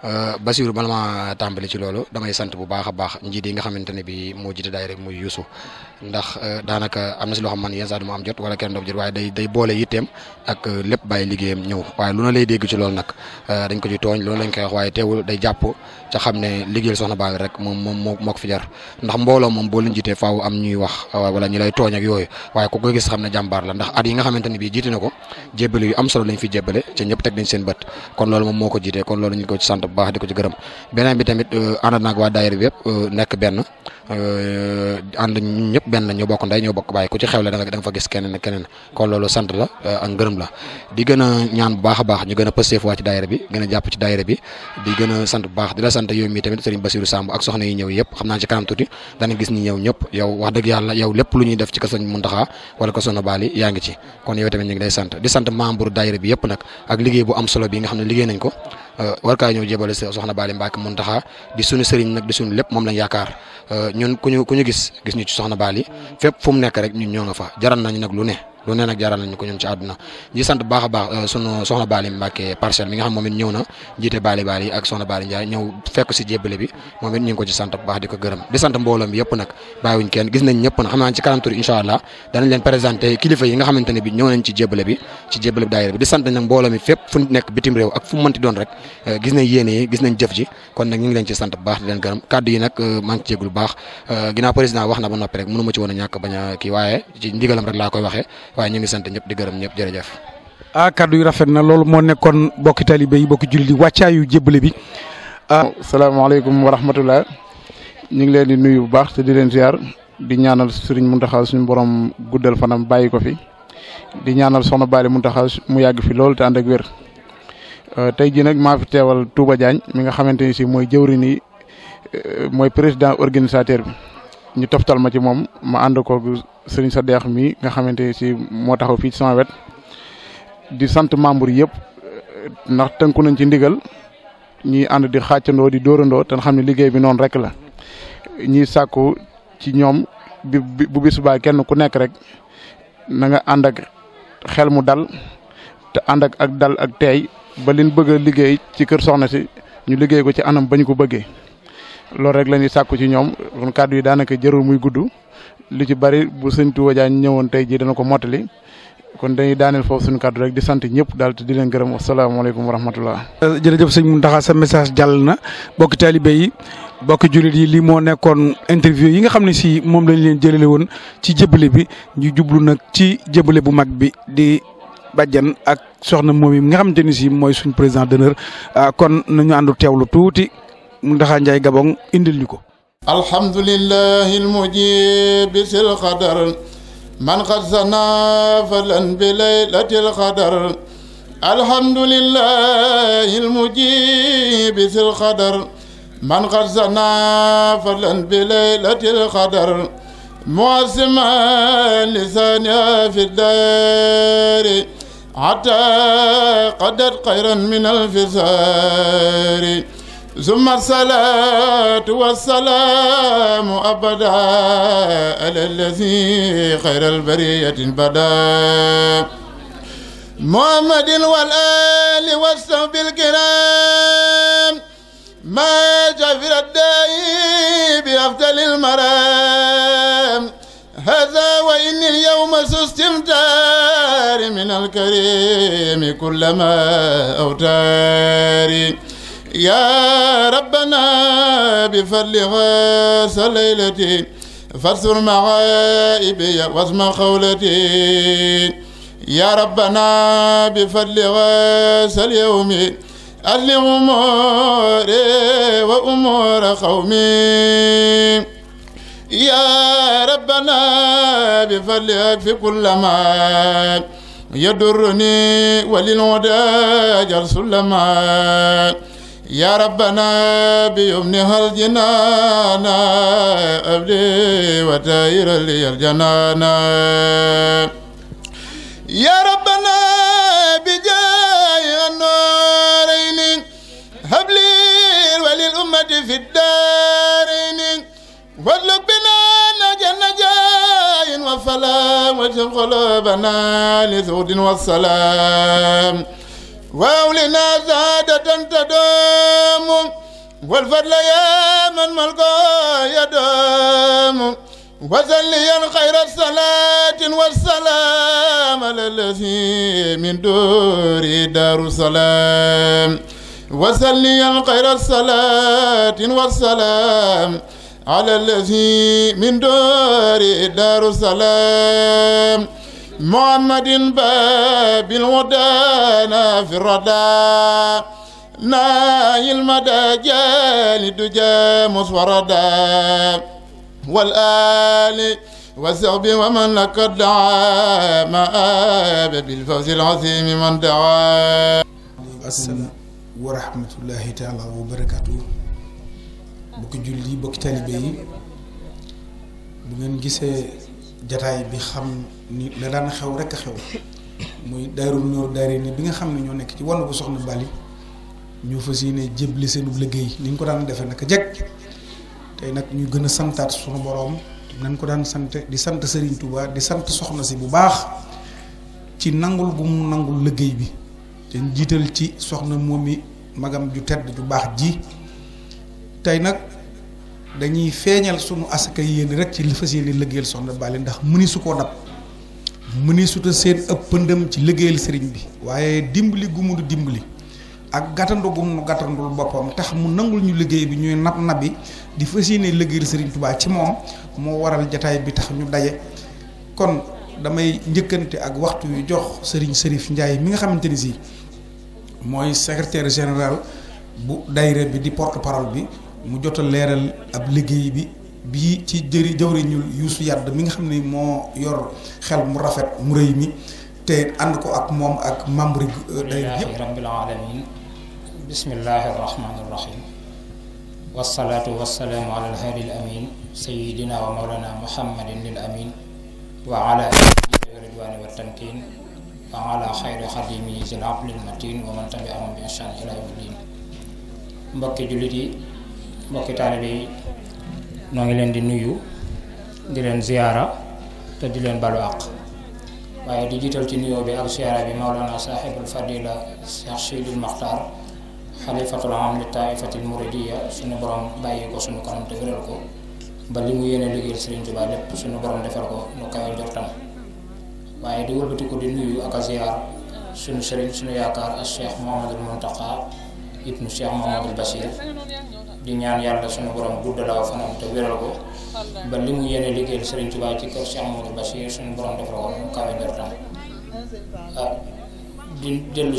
Euh, Basiirou bala maa tàmbali ci loolu damay sant bu baax a baax njiit yi nga xamante ne bi moo daay rek muy Youssou ndax euh, daanaka am na si loo xam man yenn saa du ma am jot wala kenn doom jot waaye day day boole yitteem ak euh, lépp bàyyi liggéeyam ñëw waaye lu na lay dégg ci lool nag euh, dañ ko ci tooñ loolu lañ koy wax waaye teewul day jàpp xam ne liggéeyal soxna Bally rek moom moom moo ko fi jar ndax mbooloo moom boo leen jiitee faaw am wax wala ñu lay tooñ ak yooyu waaye ku ko gis xam ne jàmbaar la ndax at yi nga xamante ne bii jiite na ko jébbale yu am solo lañ fi jébbale ca ñëpp teg nañ seen bët kon loolu moom moo ko jiitee kon loolu ñu ko ci sant bu baax di ko ci gërëm bi tamit ànd naag waa daayira bi yëpp nekk benn Euh, ànd ñun ñëpp benn ñoo bokk nday ñoo bokk bàyyi ku ci xewle da nga da nga fa gis keneen ak keneen kon loolu sant la euh, ak ngërëm la di gën a ñaan bu baax a baax ñu gën a pësteef waa ci daayira bi gën a jàpp ci daayira bi di gën sant baax di la sant yow mii tamit Serigne Bassirou Samb ak soxna yi ñëw yëpp xam naa ci kanam tuuti dana gis ñi ñëw ñëpp yow wax dëgg yàlla yow lépp lu ñuy def ci Kazu Muntaxa wala Kazu Baali yaa bi yëpp nag ak liggéey bu am solo bi nga xam ne liggéey nañ ko euh, war kaa ñëw jébale soxna Baali Mbacke Muntaxa di suñu sëriñ nag di suñu lépp moom lañ yaakaar ñun ku ñu ku ñu gis gis ñu ci soxna Bally fépp fu mu nekk rek ñun ñoo nga fa jaral nañu nag lu ne lu ne nag jaral nañu ko ñun ci àdduna di sant baax a baax euh, sunu soxna Baali Mbàkke parcelle mi nga xam moom ñëw na jiite Baali Baali ak soxna Baali Ndiaye ñëw fekk si jébbale bi moom it ñu ko ci sant bu baax di ko gërëm di sant mbooloo yëpp nag bàyyiwuñ kenn gis nañ ñëpp na xam naa ci kanam tuuti leen présenté kilifa yi nga xamante ne bi ñëw nañ ci jébbale bi ci jébbale bi daayira bi di sant nag mbooloo mi fépp fu nekk bitim réew ak fu mënti doon rek euh, gis nañ yéene yi gis nañ jëf ji kon nag ñu ngi leen ci sant bu baax di leen gërëm kàddu yi nag euh, maa ngi ci jéglu baax ginnaaw président wax na ba noppi rek mënu ma ci woon a ñàkk bañ a kii waaye ci ndigalam rek laa waxee waaye ñu ngi sant ñëpp di gërëm ñëpp jërëjëf. a ah, kaddu yi rafet na loolu moo nekkoon bokki talibe yi bokki jullit yi wàccaayu jébbale bi. a ah, salaamaaleykum wa rahmatulah ñu ngi leen di nuyu bu baax te di leen ziar di ñaanal Serigne Mountakha suñu borom guddal fanam bàyyi ko fi di ñaanal soxna Bally Mountakha mu yàgg fi loolu te ànd ak wér. Ah, tey jii nag maa fi teewal Touba Diagne mi nga xamante ni si mooy jëwriñ yi eh, mooy président organisateur bi ñu toftal ma ci moom ma ànd sëriñ sa deex mi nga xamante si moo taxaw fii ci sama wet di sant membre yëpp ndax tënku nañ ci ndigal ñi ànd di xàccandoo di dóorandoo te xam ne liggéey bi noonu rek la ñiy sàkku ci ñoom bi bu bis baa kenn ku nekk rek na nga ànd ak xel mu dal te ànd ak ak dal ak teey ba liñ bëgg liggéey ci kër soxna si ñu liggéey ko ci anam bañ ko bëggee loolu rek la ñuy ci ñoom kon kàddu yi daanaka jërul muy gudd lu ci bari bu sëñ Touba Diagne ñëwoon tey jii dana ko mottali kon dañuy daaneel foofu suñu kàddu rek di sant ñëpp daal te di leen gërëm asalaamaaleykum wa rahmatullah. Euh, jërëjëf sëñ Mountakha sa message jàll na bokki taalibe yi bokki jullit yi lii moo nekkoon interview yi nga xam ne si moom lañu leen jëlale woon ci jëbale bi ñu jublu nag ci jëbale bu mag bi di bàjjan ak soxna moom yi nga xam xamante ni sii mooy suñ président d'honneur ah, kon nañu àndu teewlu tuuti Mountakha Ndiaye Gabon indil ñu ko. الحمد لله المجيب القدر من قد زنا فلن بليلة القدر الحمد لله المجيب القدر من قد زنا فلن بليلة القدر معزما لسانها في الدار حتى قدت خيرا من الفسار ثم الصلاة والسلام أبدا على الذي خير البرية بدا محمد والآل والصحب الكرام ما جفر الداعي بأفضل المرام هذا وإني اليوم سستمتار من الكريم كلما أوتاري يا ربنا بفضل غاث ليلتي فاستر معائبي واسمع قولتي يا ربنا بفضل غاث اليوم أهل أموري وأمور قومي يا ربنا بفضلك في كل ما يدرني وللوداج رسول ما يا ربنا بيمنها الجنان أبلي وتاير لي الجنان يا ربنا بجاه النورين هب لي وللأمة في الدارين واطلق بنا نجا نجاين وفلا وجه قلوبنا لثود والسلام waaw li naa saadatan ta doomu wal fadla yaa man mal ko ya doomu wasalliyan xayra salaatin wasalaam ala lazi min doori daaru salaam wasalliyan xayra salaatin wasalaam ala lazi min doori daaru salaam محمد باب الودانا في الردى ناي المدى جالد جامس وردا والآل والزعب ومن لقد دعا ما آب بالفوز العظيم من دعا السلام ورحمة الله تعالى وبركاته bokki julli bokki taalibe yi bu ngeen gisee jataay bi xam ni la daan xew rek a xew muy daarul noor daari ni bi nga xam ne ñoo nekk ci wàllu bu soxna Bali ñoo fas yéene jébli seenu liggéey ni ñu ko daan defee naka jekk tey nag ñu gën a santaat suñu boroom nañ ko daan sant di sant Serigne tubaa di sant soxna si bu baax ci nangul bu mu nangul liggéey bi te jiital ci soxna moom mi magam ju tedd ju baax ji tey nag dañuy feeñal sunu asaka yéen rek ci li fas yéene liggéeyal soxna Bali ndax mu mëni su koo dab. mu ne suta seet ak pëndam ci liggéeyal sëriñ bi waaye dimbali gu mu dimbali ak gàttandu gu mu gàttandul boppam tax mu nangul ñu liggéey bi ñuy nab nabi di fas yéene liggéeyal sëriñ Tuubaa ci moom moo waral jataay bi tax ñu daje kon damay njëkkante ak waxtu yu jox sëriñ Sërif Ndiaye mi nga xamante ni si mooy secretaire général bu daayira bi di porte parole bi mu jot leeral ab liggéey bi. bii ci jëri jëwriñul Yuusu Yàdd mi nga xam ne moo yor xel mu rafet mu rëy mi te ànd ko ak moom ak membre euh, day yëpp rabbil alamin bismillahi rahmani rahim wasalaatu wasalaamu ala alhaadi al amin sayidina mbokki jullit yi mbokki taalibe yi noo ngi leen di nuyu di leen ziyaara te di leen balu àq waaye di jiital ci nuyoo bi ak ziyaara bi Mawlana saaxibul fadila Cheikh Sidil Maxtaar xalifatul am li taifatil muridiya suñu borom bàyyi ko suñu kanam te wéral ko ba li mu yéene liggéeyal Sëriñ suñu borom defal ko nu kawel jortam waaye di wëlbatiku di nuyu ak a ziyaar suñu sëriñ suñu yaakaar ak Cheikh Mouhamadul Muntaqa ibnu Cheikh Mamadou Bachir di ñaan yàlla suñu borom guddalaaw fanam te wéral ko ba li mu yéene liggéeyal Serigne Touba ci kër Cheikh Mamadou Bachir suñu borom ah, di dellu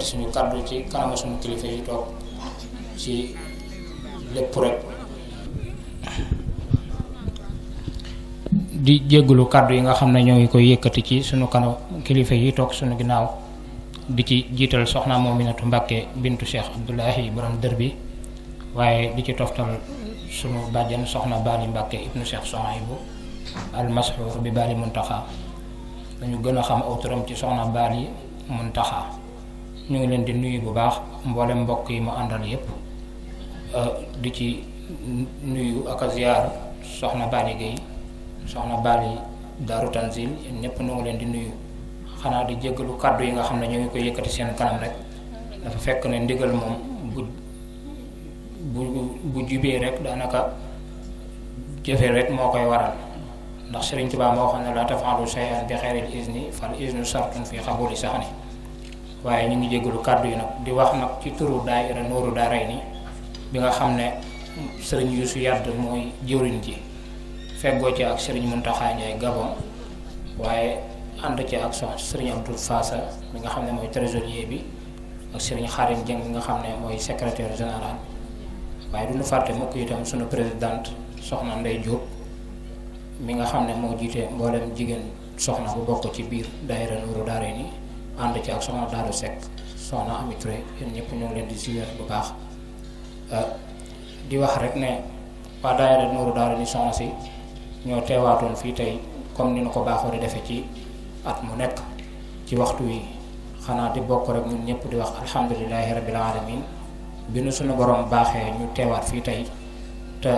suñu kàddu ci kanama suñu kilifa yi toog ci lépp rek di jéggulu kàddu yi nga xam ne ñoo ngi koy yëkkati ci suñu kanam kilifa yi toog suñu ginnaaw. di ci jiital soxna Mominatu Mbàkke bintu Cheikh Abdoulahi borom dër bi waaye di ci toftal sunu bàjjen soxna Bali Mbàkke ibnu Cheikh Sohaybu al masxuur bi Bali Muntaxa dañu gën a xam aw turam ci soxna Bali Muntaxa ñu ngi leen di nuyu bu baax mboolem mbokk yi mu àndal yépp euh, di ci nuyu ak a soxna Bali Gueye soxna Bali Daaru Tanzil ñépp ñu ngi leen di nuyu xanaa di jéggalu kàddu yi nga xam ne ñu ngi ko yëkkati seen kanam rek dafa fekk ne ndigal moom bu bu bu jubee rek daanaka jëfe rek moo koy waral ndax Sëriñ Tuubaa moo xam ne laa tafaalu shay'an bi xayril izni fal iznu sartun fi xabuli ñu ngi jéggalu kàddu yi nag di wax nag ci turu daayira Nuuru Daarayni bi nga xam ne sëriñ Yuusu Yàdd mooy jëwriñ ji feggoo ci ak sëriñ Muntaxa Njaay Gabon waaye ànd ci ak sox sëriñ Abdou Faasa mi nga xam ne mooy trésorier bi ak sëriñ Xarim Dieng mi nga xam ne mooy secrétaire général waaye du ñu fàtte mukk itam sunu président soxna Ndey Diop mi nga xam ne moo jiite mboolem jigéen soxna bu bokk ci biir daayira Nuuru Daarayni ànd ci ak soxna Daaru Seck soxna Ami Touré yéen ñëpp ñoo ngi leen di suivre bu baax euh, di wax rek ne waa daayira Nuuru Daarayni soxna si ñoo teewaatoon fii tey comme ni ñu ko baaxoo di defee ci at mu nekk ci waxtu wi xanaa di bokk rek ñun ñëpp di wax alhamdulilahi rabil alamin bi nu suñu borom baaxee ñu teewaat fii tey te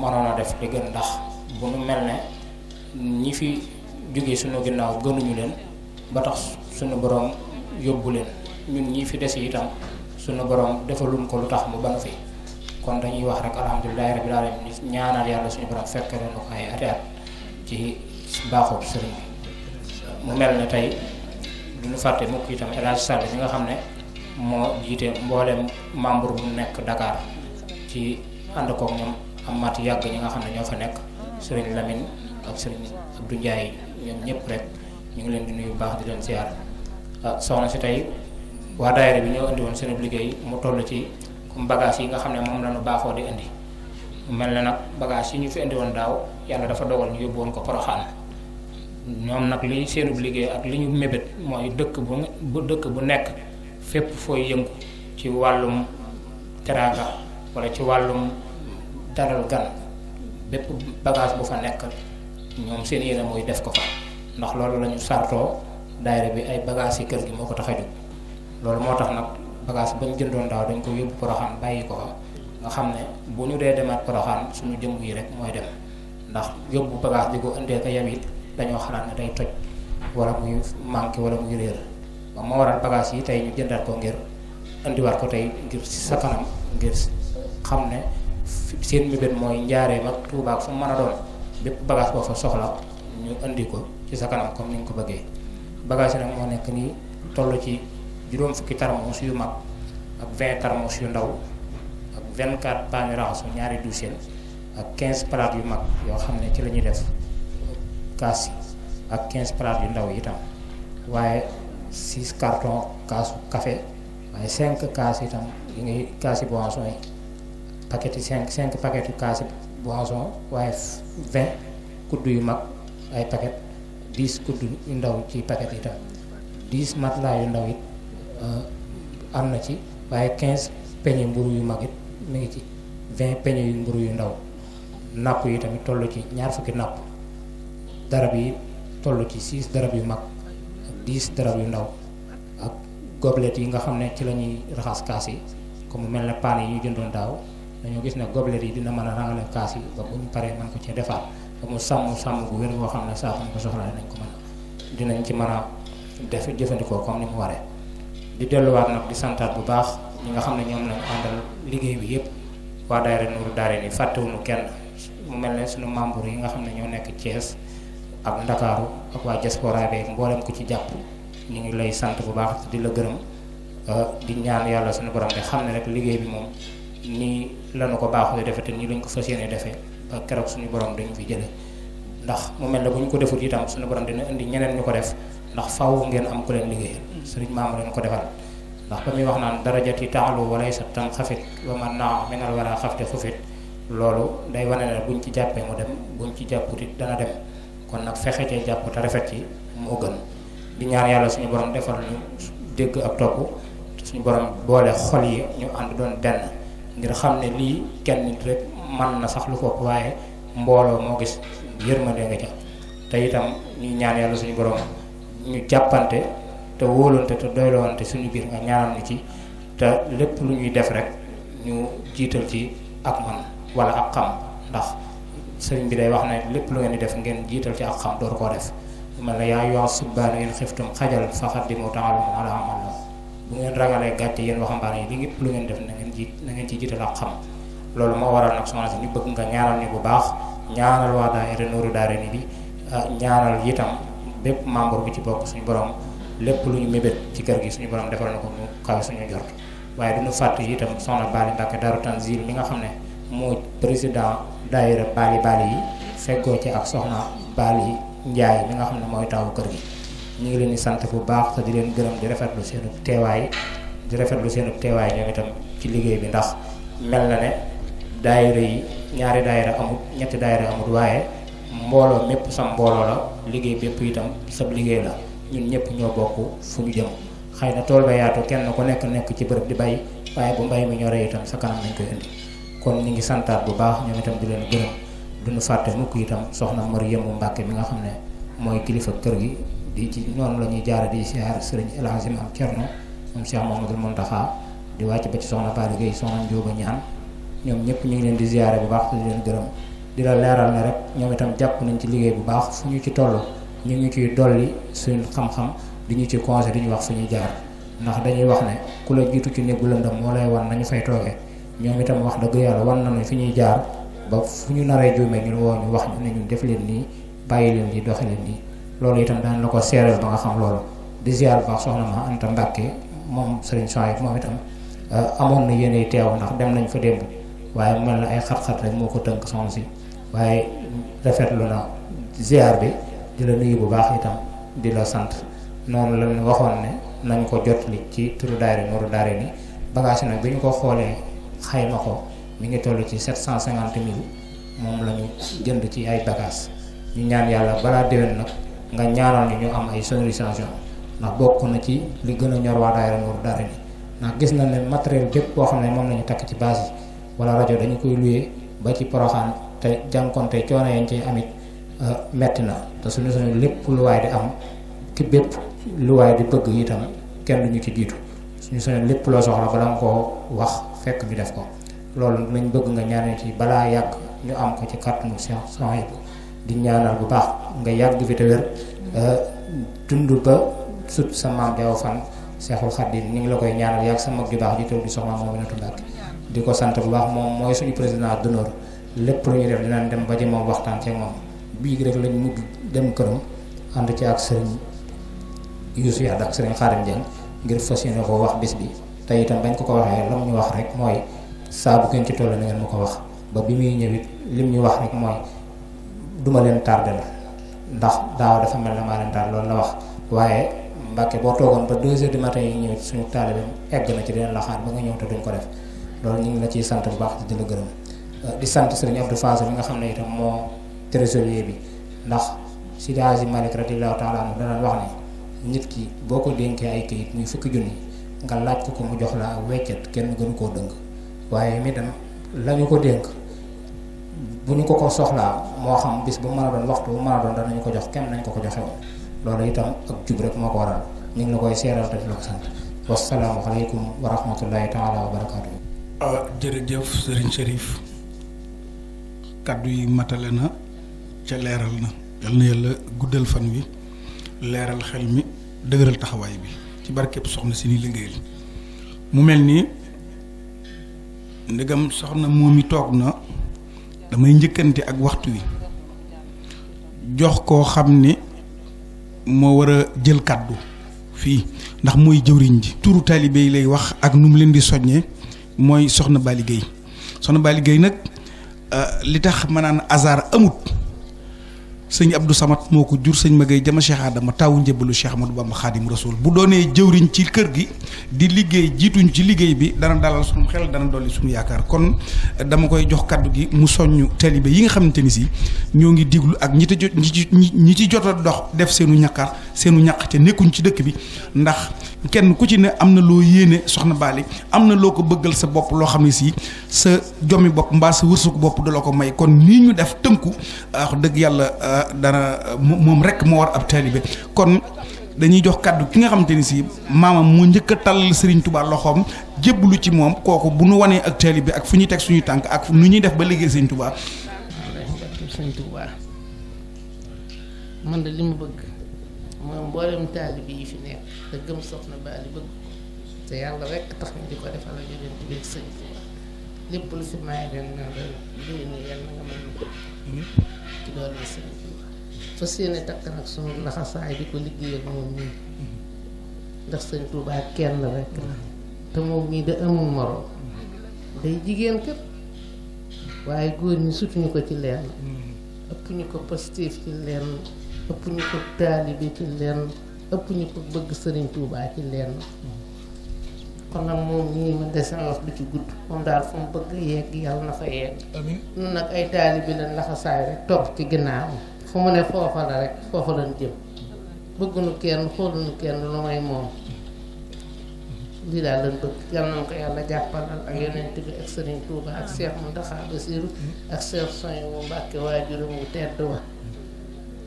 mënoon a def di gën ndax bu nu mel ne ñi fi jóge suñu ginnaaw gënuñu leen ba tax suñu borom yóbbu leen ñun ñii fi des itam suñu borom defalun ko lu tax mu banu fi kon dañuy wax rek alhamdulilahi rabil alamin ñaanal yàlla suñu borom fekk leen ko ay ati at ci baaxoob sëriñ bi mu mel na tey du nu fàtte mukk itam El Hadj Sall mi nga xam ne moo jiite mboolem membre bu nekk dakaar ci ànd koog ñoom am mat yàgg ñi nga xam ne ñoo fa nekk sëriñ Lamine ak sëriñ Abdou Ndiaye ñoom ñëpp rek ñu ngi leen di nuyu baax di leen ziar ah, soxna si tey waa daayira bi ñoo indi woon seen liggéey mu toll ci comme bagage yi nga xam ne moom la ñu baaxoo di indi mu mel na nag bagage yi ñu fi indi woon daaw yàlla dafa dogal ñu yóbbu woon ko Poroxaan ñoom nag li seenu liggéey ak li ñu mébét mooy dëkk bu dëkk bu nekk fépp foo yëngu ci wàllum teraanga walla ci wàllum dalal gan bépp bagage bu fa nekk ñoom seen yéene mooy def ko fa ndax loolu la ñu sartoo bi ay bagage yi kër gi moo ko tax a jóg loolu moo tax nag bagage ba ñu jëndoon daaw dañ ko yóbbu poroxaan bàyyi ko fa nga xam ne bu ñu dee demaat poroxaan suñu jëmm yi rek mooy dem ndax yóbbu bagage di ko indee ko yem it dañoo xalaat ne day toj wala muy manqué wala muy réer moo waral bagage yi tey ñu jëndaat ko ngir indiwaat ko tey ngir sa kanam ngir xam ne seen mébét mooy njaaree mag Tuubaa ak fu mu a doon bépp bagage boo fa soxla ñu indi ko ci sa kanam comme ni nga ko bëggee bagage yi nag moo nekk nii toll ci juróom fukki tarmus yu mag ak 20 tarmus yu ndaw ak 24 pañu raxasu ñaari douzaine ak quinze palaat yu mag yoo xam ne ci lañuy ñuy def kaas yi ak 15 plate yu ndaw yi itam waaye 6 carton kaasu café waaye cinq kaas itam yi ngay kaasi boisson yi paquet yi 5 5 yu boisson waaye 20 kudd yu mag ay paquet 10 kudd yu ndaw ci paquet itam 10 matelas yu ndaw it euh, am na ci waaye 15 peñe mburu yu mag it mi ngi ci 20 peñe yu mburu yu ndaw napp yi tamit ci ñaar fukki napp darab yi toll ci six darab yu mag ak dix darab yu ndaw ak goblet yi nga xam ne ci la ñuy raxas kaas yi comme mel na paan yi ñu jëndoon daaw dañoo gis ne gobelet yi dina mën a rangale kaas yi ba bu ñu paree mën ko ci defaat ba mu sàmm sàmm gu wér boo xam ne saa ko soxla nañ ko mën a dinañ ci mën a def jëfandikoo comme ni mu waree di delluwaat nag di santaat bu baax ñi nga xam ne ñoom lañ àndal liggéey bi yëpp waa daayira Nuuru Daarayni fàttewuñu kenn mu mel ne suñu membre yi nga xam ne ñoo nekk Thiès ak ndakaaru ak waa diaspora beeg mboolem ku ci jàpp ñu ngi lay sant bu baax di la gërëm euh, di ñaan yàlla suñu borom bi xam ne rek liggéey bi moom nii lanu ko baaxoo defe te nii lañ ko fas si defee ba keroog suñu borom dañu fi jële ndax mu mel ne bu ñu ko defut itam suñu borom dina indi ñeneen ñu ko def ndax faaw ngeen am ku leen liggéeyal sëriñ maam leen ko defal ndax ba muy wax naan darajat yi taalu walay sa tan xafit wa man naa minal wala xafte xufit loolu day wane ne buñ ci jàppee mu dem buñ ci jàpputit kon nag fexe cee jàpp te rafet ci moo gën di ñaan yàlla suñu borom defal ñu dégg ak topp suñu borom boole xol yi ñu ànd doon benn ngir xam ne lii kenn nit rek mën na sax lu ko waaye mbooloo moo gis yërmande nga ca te itam ñuy ñaan yàlla suñu borom ñu jàppante te wóolante te doylowante suñu biir nga ñaanal ñu ci te lépp lu ñuy def rek ñu jiital ci ak man wala ak xam ndax sëriñ bi day wax ne lépp lu ngeen di def ngeen jiital ci ak xam door koo def man la yaa yoo subbaanu yéen di mu taxalum ala amal la bu ngeen ragalee gàcce yéen waxambaane yi lépp lu ngeen def na ngeen jiit na ngeen ci jiital ak xam loolu moo waral nag soxna si ñu bëgg nga ñaanal ni bu baax ñaanal waa daayira Nuuru Daarayni bi ah, ñaanal itam bépp membre bu ci bokk suñu borom lépp lu ñu mébét ci kër gi suñu borom defal na ko mu kawe suñu jort waaye duñu fàtte itam soxna Bali Mbàkke Daaru Tanzil mi nga xam ne mu président daayira baali baali yi feggoo ci ak soxna baali njaay mi nga xam ne mooy tawu kër gi ñu ngi leen di sant bu baax te di leen gërëm di rafetlu seenu teewaay di rafetlu seenu teewaay ñoom itam ci liggéey bi ndax mel na ne daayira yi ñaari daayira amut ñetti dayre amut waaye mbooloo mépp sam mbooloo la liggéey bépp itam sab liggéey la ñun ñëpp ñoo bokk fu mu jëm xay na tool ba yaatu kenn ku nekk nekk ci bërëb di bay waaye bu mbay mi ñoree itam sa kanam kon ñu ngi santaat bu baax ñoom itam di leen gërëm duñu fàtte mukk itam soxna Mariyamu Mbàkke bi nga xam ne mooy kilifa kër gi di ci noonu la ñuy jaare di siyaar sëriñ El Hadji Mame Thierno moom Cheikh Mamadou Mountakha di wàcc ba ci soxna Bali Gueye soxna Njóoba ñaan ñoom ñëpp ñu ngi leen di ziyaare bu baax di leen gërëm di la leeral ne rek ñoom itam jàpp nañ ci liggéey bu baax fu ñu ci toll ñu ngi ciy dolli suñu xam-xam di ñu ci conseil di ñu wax fu ñuy ndax dañuy wax ne ku la jiitu ci néegu lëndam moo lay wan nañu fay toogee ñoom itam wax dëgg yàlla wan nañu fi ñuy jaar ba fu ñu naree juumee ñun woo ñu wax ñu ne ñun def leen nii bàyyi leen di doxi leen nii loolu itam daan la ko seeral ba nga xam loolu di ziar baax soxna ma Anta Mbàkke moom sëriñ Soxayb moom itam euh, amoon na yéene teew ndax dem nañ fa démb waaye mel na ay xat-xat rek moo ko tënk soxna si waaye rafetlu na ziar bi di la nuyu bu baax itam di la sant noonu lañ waxoon ne nañ ko jot li ci turu daare nooru daare ni bagage nag bi ko xoolee xayma ko mu ngi toll ci sept cent cinquante mille moom la ñu jënd ci ay bagages ñu ñaan yàlla balaa déwén nag nga ñaanal ñu ñu am ay sonorisation ndax bokk na ci li gën a ñor waa daayira Nuuru Daarayni ndax gis nañ ne matériel bépp boo xam ne moom la takk ci base yi wala rajo dañu koy luyee ba ci Poroxaan te jànkonte coono yañ ci amit euh, metti na te suñu suñu lépp lu waay di am ki bépp lu waay di bëgg itam kenn du ñu ci jiitu suñu suñu lépp loo soxla bala nga koo wax fekk ñu def ko loolu nañ bëgg nga ñaanal ci balaa yàgg ñu am ko ci kàttanu Cheikh Souhaïbou di ñaanal bu baax nga yàgg fi te wér euh, ba sut sa maam deew fan Cheikhul Khadim ñu ngi la koy ñaanal yàgg sa mag ju baax di taw di soxna moom Aminatu Mbàkke di ko sant bu baax moom mooy suñu président d'honneur lépp lu ñuy def naan dem ba di moom waxtaan ci moom bii rek lañ mujj dem këram ànd ci ak sëriñ Youssou Yade ak sëriñ Xaadim Dieng ngir fas yéene ko wax bis te itam bañ ko ko waxee lam ñu wax rek mooy saabu bu ci toll na ngeen ma ko wax ba bi muy ñëwit lim ñu wax rek mooy duma leen tardé la ndax daaw dafa mel na maa leen tardé loolu la wax waaye Mbàkke boo toogoon ba deux heures du matin yi ñëw suñu taalibe egg na ci dinañ la xaar ba nga ñëw te duñ ko def loolu ñu ngi la ciy sant bu baax di la gërëm euh, di sant Serigne Abdou Fassou bi nga xam ne itam moo trésorier bi ndax si daasi Malick radiyallahu taala anhu danañ wax ne nit ki boo ko dénkee ay kayit muy fukki nga laaj ko ko mu jox la ak weccet kenn gënu koo dëng waaye mi dem lañu ko dénk bu ñu ko ko soxlaa moo xam bis bu ma a doon waxtu bu mën a doon danañu ko jox kenn nañ ko ko joxe woon loolu itam ak jub rek moo ko waral ñu ngi la koy seeral te di la ko sant wasalaamualeykum wa rahmatullahi taala wa barakaatu. Ah, jërëjëf sëriñ Cherif kàddu yi matale na ca leeral na. yal na yàlla guddal fan wi leeral xel mi dëgëral taxawaay bi. ci barkeb soxna si ni liggéeyal mu mel ni ndegam soxna moom i toog na damay njëkkante ak waxtu wi jox koo xam ni moo war a jël kàddu fii ndax mooy jëwriñ ji turu taalibe yi lay wax ak nu mu leen di soññee mooy soxna Bali Guèye soxna Bali nag euh, li tax ma naan hasard amut sëñ Abdou Samad moo ko jur sëñ Magay jama Cheikh Adama taawu njëbbalu Cheikh Amadou Bamba Xaadim Rasul bu doonee jëwriñ ci kër gi di liggéey jiituñ ci liggéey bi dana dalal suñu xel dana dolli suñu yaakaar kon dama koy jox kaddu gi mu soññu talibe yi nga xamante ni si ñoo ngi diglu ak ñi ci ñi ci jot a dox def seenu ñaqar seenu ñaq te nekkuñ ci dëkk bi ndax kenn ku ci ne am na loo yéene soxna baali am na loo ko bëggal sa bopp loo xam ne si sa jommi bopp mbaa sa wërsug bopp dala ko may kon nii ñu def tënku ah, dëgg yàlla ah, dana moom rek moo war ab taalibe kon dañuy jox kàddu ki nga xamante ni si maamam moo njëkk a sëriñ Serigne Touba loxoom jébbalu ci moom kooku bu nu wanee ak taalibe ak fu ñuy teg suñu tànk ak nu ñuy def ba liggéey Serigne Touba. Serigne mooy mboolem taalibe yi fi nekk te gëm soxna Bally bëgg te yàlla rekk tax ñu di ko defal la jëleen di beeg sëñ lépp lu fi may ren na ren ko ci doole sëñ fas yéene takk nag sunu laxasaay di ko liggéeyal moom nii ndax sëñ Tuubaa kenn rekk la te mii da amul morom day jigéen kat waaye góor ñi sutuñu ko ci lenn mm. ëpp ñu ko positif ci lenn ëpp ñu ko bëgg sëriñ Tuubaa ci lenn kon nag moom ñii ma descence bi ci gudd moom daal fu mu bëgg yegg yàlla na fa yegg nun nag ay taalibe lañ laxasaay rek topp ci ginnaaw fu mu ne foofa la rek foofa lañ jëm bëgguñu kenn xooluñu kenn lu may moom lii daal lañ bëgg yal na ko yàlla jàppalal ak yonent bi ak sëriñ Tuuba ak Seex Muntaxa Basiiru ak Seex Soñ bu Mbàkke waajuram bu tedd wa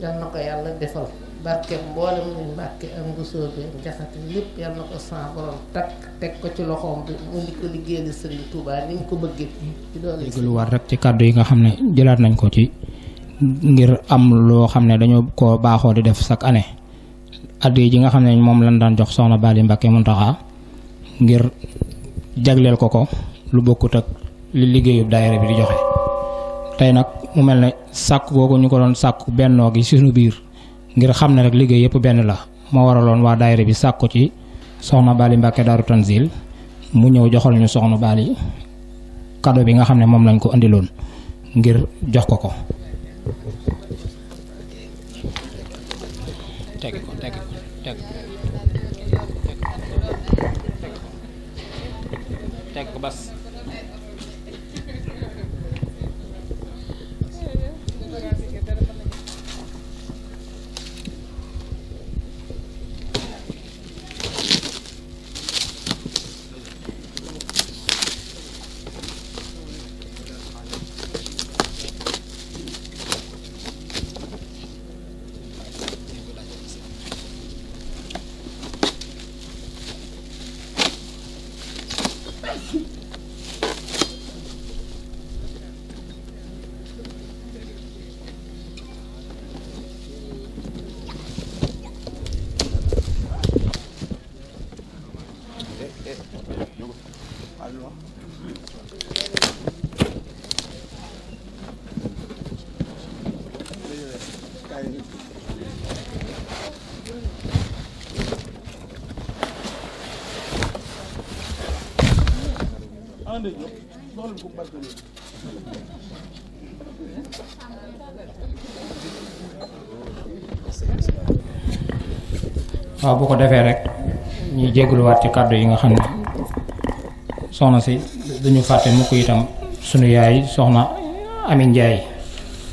yal na ko yàlla defal barke mboolem muy mbàkke ak mbusoo bi ak jaxate lépp yal na ko saa takk teg ko ci loxoom bi mu di ko liggéeyal Serigne Touba ni ñu ko bëggee ci doole jégluwaat rek ci kàddu yi nga xam ne jëlaat nañ ko ci ngir am loo xam ne dañoo ko baaxoo di def chaque année addi ji nga xam ne moom lañ daan jox soxna Bali Mbacke Mountakha ngir jagleel ko ko lu bokkut ak li liggéeyub daayira bi di joxe tey nag mu mel na sàkk googu ñu ko doon sàkk bennoo gi suñu biir ngir xam ne rek liggéey yëpp benn la moo waraloon waa daayira bi sàkku ci soxna Bali Mbàkke Daaru Tanzil mu ñëw joxal ñu soxna Bali kado bi nga xam ne moom lañ ko indiloon ngir jox ko ko. ande jo ko bu ko defee rek ñuy jégaluwaat ci kàddu yi nga xam ne soxna si duñu fàtte mukk itam sunu yaay soxna Ami Njaay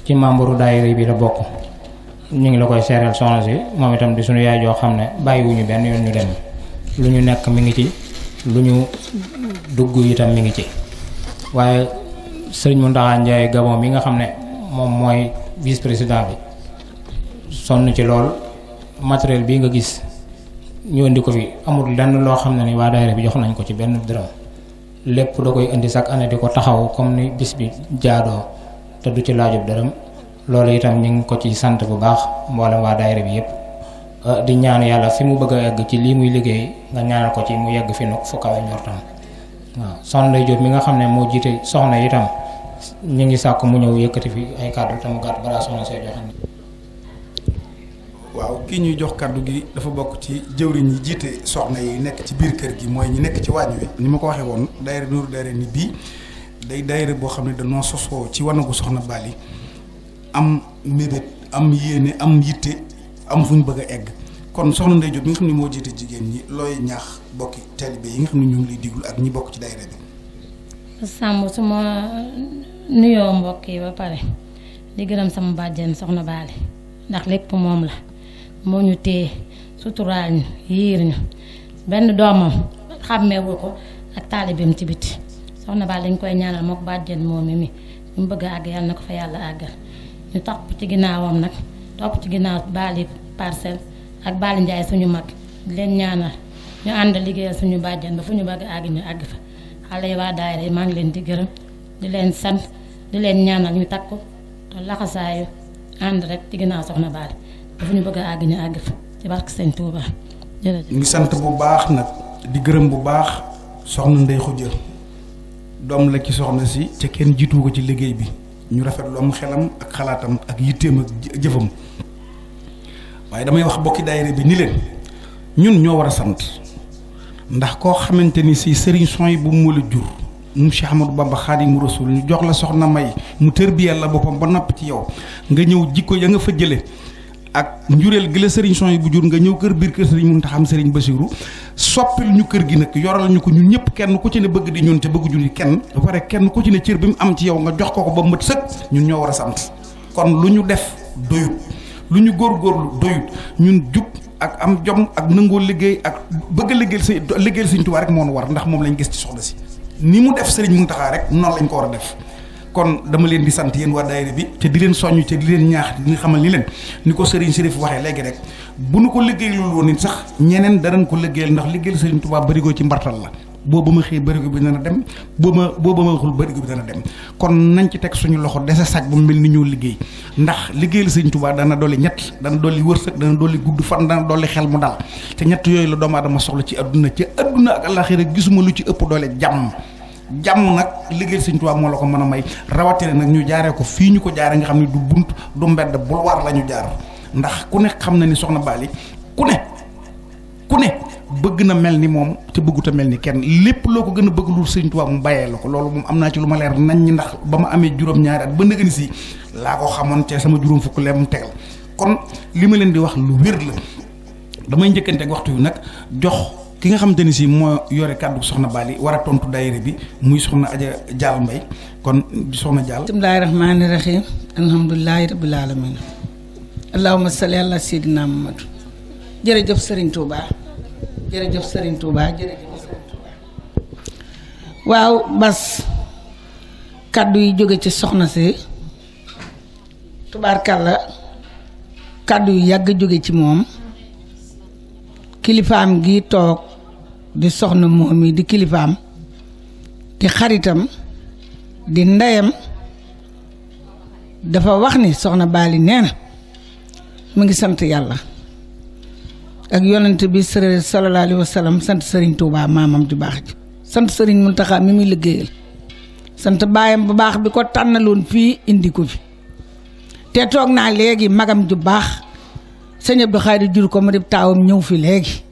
ci membre daayira bi la bokk ñu ngi la koy seereel soxna si moom itam di sunu yaay joo xam ne bàyyiwuñu benn yoon ñu dem lu ñu nekk mi ngi ci lu ñu dugg tam mu ngi ci waaye sëriñ Mountakha Ndiaye Gabon mi nga xam ne moom mooy vice président bi sonn ci lool matériel bii nga gis ñu indi ko fi amul lenn loo xam ne ni waa daayira bi jox nañ ko ci benn dërëm lépp da koy indi chaque année di ko taxaw comme ni bis bi jaadoo te du ci laajub dërëm loolu itam ñu ngi ko ci sant bu baax mboolem waa daayira bi yépp euh, di ñaan yàlla fi mu bëgg a egg ci lii muy liggéey nga ñaanal ko ci mu yegg fi nu fu kawe njortam waa soxna lay jot mi nga xam ne moo jiite soxna itam ñu ngi sàkk mu ñëw yëkkati fi ay kàddu te gàtt balaa soxna see joxe waaw kii ñuy jox kàddu gi dafa bokk ci jëwriñ yi jiite soxna yi nekk ci biir kër gi mooy ñu nekk ci wàññ wi ni ma ko waxee woon daayira Nuuru Daarayni bii day daayira boo xam ne dañoo sosoo ci wanagu soxna Bali am mébét am yéene am yitte am fu ñu bëgg a egg kon soxna Ndeye Diop bi nga xam ne moo jiite jigéen ñi looy ñaax bokki taalibe yi nga xam ne mbokk yi ba pare di gërëm sama bàjjen soxna Baale ndax lépp moom la moo ñu téye suturaal ñu yiir ñu benn doomam ko ak ci biti soxna Baale dañ koy ñaanal mook bàjjen moom mi mu bëgg àgg yàlla na ko fa yàlla àggal ñu topp ci ginnaawam nag topp ci ginnaaw Baale parcelle. ak Balla Ndiaye suñu mag leen ñaanal ñu ànd liggéeyal suñu bàjjan ba fu ñu bëgg àgg ñu àgg fa xale yi waa daayira yi maa ngi leen di gërëm di leen sant di leen ñaanal ñu takku te laxasaayu ànd rek ci ginnaaw soxna Bally ba fu ñu bëgg a àgg ñu àgg fa ci barke Sëñ Touba jërëjëf. sant bu baax nag di gërëm bu baax soxna Ndeye Khoudia doom la ci soxna si ca kenn jiitu ko ci liggéey bi ñu rafet rafetlu am xelam ak xalaatam ak yitteem ak jëfam. waaye damay wax bokki daayira bi ni leen ñun ñoo war a sant ndax koo xamante ni si sëriñ sooy bu mu la jur mu Cheikh Ahmadou Bamba Xaadimu Rasuul ñu jox la soxna may mu tër bi yàlla boppam ba napp ci yow nga ñëw jikko ya nga fa jële ak njureel gi la sëriñ son yi bu jur nga ñëw kër biir kër sëriñ mun taxam sëriñ Basiru soppil ñu kër gi nag yoral ñu ko ñun ñëpp kenn ku ci ne bëgg di ñun te bëgg yi kenn ba pare kenn ku ci ne cër bi mu am ci yow jox ko ko ba mët sëkk ñun ñoo war a sant kon lu ñu def doyut lu ñu góor góorgóorlu doyut ñun jub ak am jom ak nangoo liggéey ak bëgg a liggéeyal sa liggéeyal Sëriñ Tuubaa rek moom war ndax moom lañ gis ci soxna si ni mu def Sëriñ taxaar rek noonu lañ ko war a def kon dama leen di sant yéen waa daayira bi te di leen soññ te di leen ñaax di xamal ni leen ni ko Serigne fi waxee léegi rek bu nu ko liggéeyalul woon it sax ñeneen danañ ko liggéeyal ndax liggéeyal Serigne tubaab bari ko ci mbartal la booba ma xëy bërigo bi dana dem booba booba ma waxul bërigo bi dana dem kon nañ ci teg suñu loxo dese sag bu mel ni ñoo liggéey ndax liggéeyal sëñ Tuubaa dana dolli ñett dana dolli wërsëg dana dolli gudd fan dana dolli xel mu dal te ñett yooyu la doomu dama soxla ci àdduna ci àdduna ak àllaaxira gisuma lu ci ëpp doole jàmm jàmm nag liggéeyal sëñ Tuubaa moo la ko mën a may rawatina nag ñu jaaree ko fii ñu ko jaaree nga xam ne du bunt du mbedd boulevard la ñu jaar ndax ku ne xam na ni soxna Bali ku ne ne bëgg na mel ni moom te bëggut a mel ni kenn lépp loo ko gën a bëgg lu Sëriñ Tuubaa mu bàyyee la ko loolu moom am naa ci lu ma leer nañ ñi ndax ba ma amee juróom-ñaari at ba nëgën si laa ko xamoon te sama juróom fukk lem tegal kon li ma leen di wax lu wér la damay njëkkante ak waxtu yu nag jox ki nga xamante ni si moo yore kàddu soxna Bali war a tontu daayira bi muy soxna Aja Jaal Mbay kon soxna jàll bismillaahi rahmaani rahiim alhamdulillaahi rabbil aalamiin allahumma salli ala sayyidina Muhammad jërëjëf Sëriñ Tuubaa jërëjëf Serigne Touba jërëjëf waaw Bas kàddu yi jóge ci soxna si tubaarkàlla kàddu yu yàgg jóge ci moom kilifaam gi toog di soxna moom yi di kilifaam di xaritam di ndeyam dafa wax ni soxna Bali nee na mu ngi sant yàlla ak yonent bi sër sallallahu alayhi wa sallam sant sëriñ Touba maamam ju baax ji sant sëriñ Mountakha mi muy liggéeyal sant baayam bu baax bi ko tànnaloon fii indi ko fi te toog naa léegi magam ju baax sëñ Abdou Khadre jur ko ma dib taawam ñëw fi léegi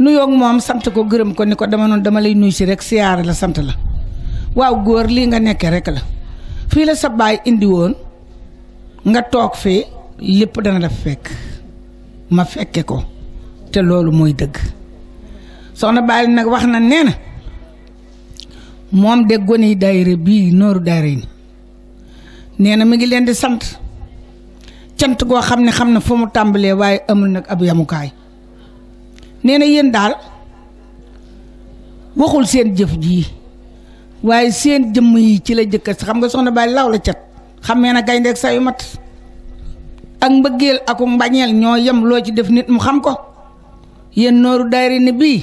nuyoog moom sant ko gërëm ko ni ko dama noonu dama lay nuyu si rek siyaare la sant la waaw góor lii nga nekkee rek la fii la sa baay indi woon nga toog fii lépp dana la fekk ma fekke ko te loolu mooy dëgg soxna Baali nag wax na nee na moom de gone yi daayira bii nooru daayira yi nee na mi ngi leen di sant cant goo xam ne xam na fu mu tàmbalee waaye amul nag ab yamukaay nee na yéen daal waxul seen jëf jii waaye seen jëm yi ci la jëkkër si xam nga soxna Baali law la cat xamee na gaynde ak sayu mat ak mbëggeel aku mbañeel ñoo yem loo ci def nit mu xam ko yéen nooru dayri ne bii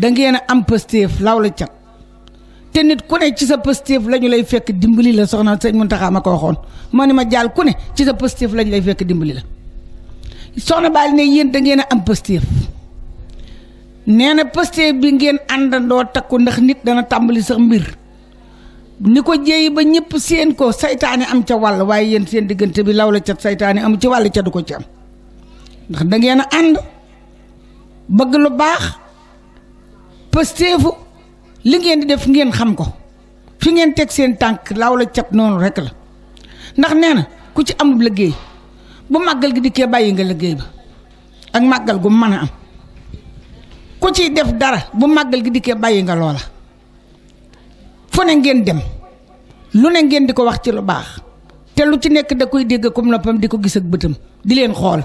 da ngeen a am pëstéef law la cat te nit ku ne ci sa pëstéef lañu lay fekk dimbali la soxna sëñ Muntaxa ma ko waxoon ma ni ma jaal ku ne ci sa pëstéef la lay fekk dimbali la soxna Baali ne yéen da ngeen a am pëstéef nee na pëstéef bi ngeen àndandoo takku ndax nit dana tàmbali sax mbir ni ko jéeyi ba ñëpp seen ko saytaane am ca wàll waaye yéen seen diggante bi law la cat saytaane am ci wàll ca du ko ci am ndax da a ànd bëgg lu baax pësteefu li ngeen di def ngeen xam ko fi ngeen teg seen tànk law la cab noonu rek la ndax nee na ku ci amul liggéey bu màggal gi dikkee bàyyi nga liggéey ba ak màggal gu mën a am ku ciy def dara bu màggal gi dikkee bàyyi nga loola fu ne ngeen dem lu ne ngeen di ko wax ci lu baax te lu ci nekk da koy dégg comme noppam di ko gis ak bëtam di leen xool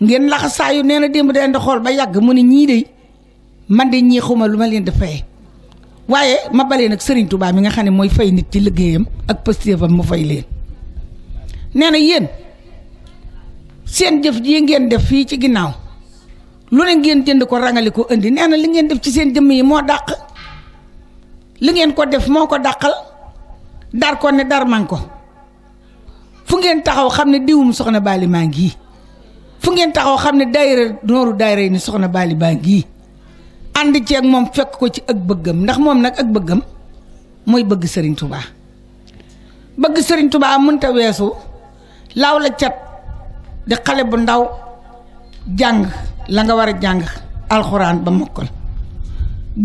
ngeen laxasaayu nee na démb daleen di xool ba yàgg mu ne ñii de man de ñii xuma lu ma leen di fayee waaye ma balee nag Serigne Touba mi nga xam ne mooy fay nit ci liggéeyam ak pëstéefam mu fay leen nee na yéen seen jëf ji ngeen def fii ci ginnaaw lu ne ngeen jënd ko rangali ko indi nee na li ngeen def ci seen jëmm yi moo dàq li ngeen ko def moo ko dàqal dar kon ne dar man ko fu ngeen taxaw xam ne diwum soxna Baali maa ngi fu ngeen taxaw xam ne daayira nooru daayira yi ni soxna Bally baa ngi ànd ceeg moom fekk ko ci ak bëggam ndax moom nag ak bëggam mooy bëgg sëriñ tubaa bëgg sëriñ tubaa mënta weesu laaw la cat di xale bu ndaw jàng la nga war a jàng alxuraan ba mokkal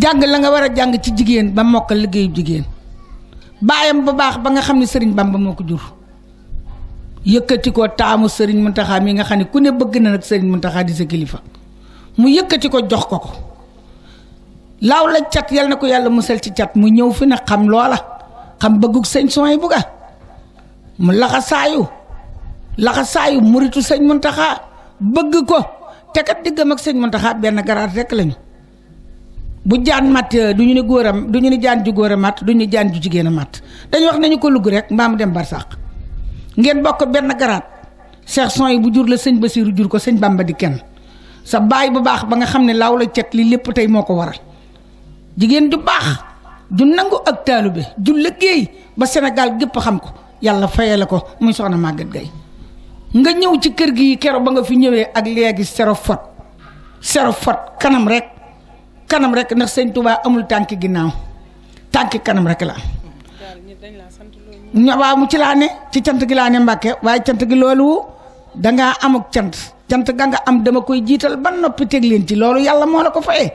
jàng la nga war a jàng ci jigéen ba mokkal liggéeyu jigéen baayam bu baax ba nga xam ne sëriñ Bamba moo ko jur yëkkati ko taamu sëriñ Muntaxa mi nga xam ne ku ne bëgg na nag sëriñ Muntaxa di sa kilifa mu yëkkati ko jox ko ko laaw la cat yal na ko yàlla musal ci cat mu ñëw fi nag xam loola xam bëggug sëñ sooy bu ga mu laxa saayu laxa saayu muritu sëñ Muntaxa bëgg ko te kat diggam ak sëñ Muntaxa benn garaat rekk lañu bu jaan mat du ñu ne góoram du ñu ne jaan ju góor a mat du ñu ne jaan ju jigéen a mat dañu wax nañu ko lug rek mbaa mu dem barsàq ngeen bokk benn garaat seex son yi bu jur la sëñ ba Basiiru jur ko sëñ Bàmba di kenn sa baay bu baax ba nga xam ne laaw la cet li lépp tey moo ko waral jigéen ju baax ju nangu ak bi ju liggéey ba Sénégal gépp xam ko yàlla fayale ko muy soxna màgget Gaye nga ñëw ci kër gi kero ba nga fi ñëwee ak léegi sero fot sero fot kanam rek kanam rek ndax sëñ Tuubaa amul tànki ginnaaw tànki kanam rek la waa mu ci laa ne ci cant gi laa ne mbàkke waaye cant gi loolu dangaa amuk cant cant ga nga am dama koy jiital ba noppi teg leen ci loolu yàlla moo la ko fayee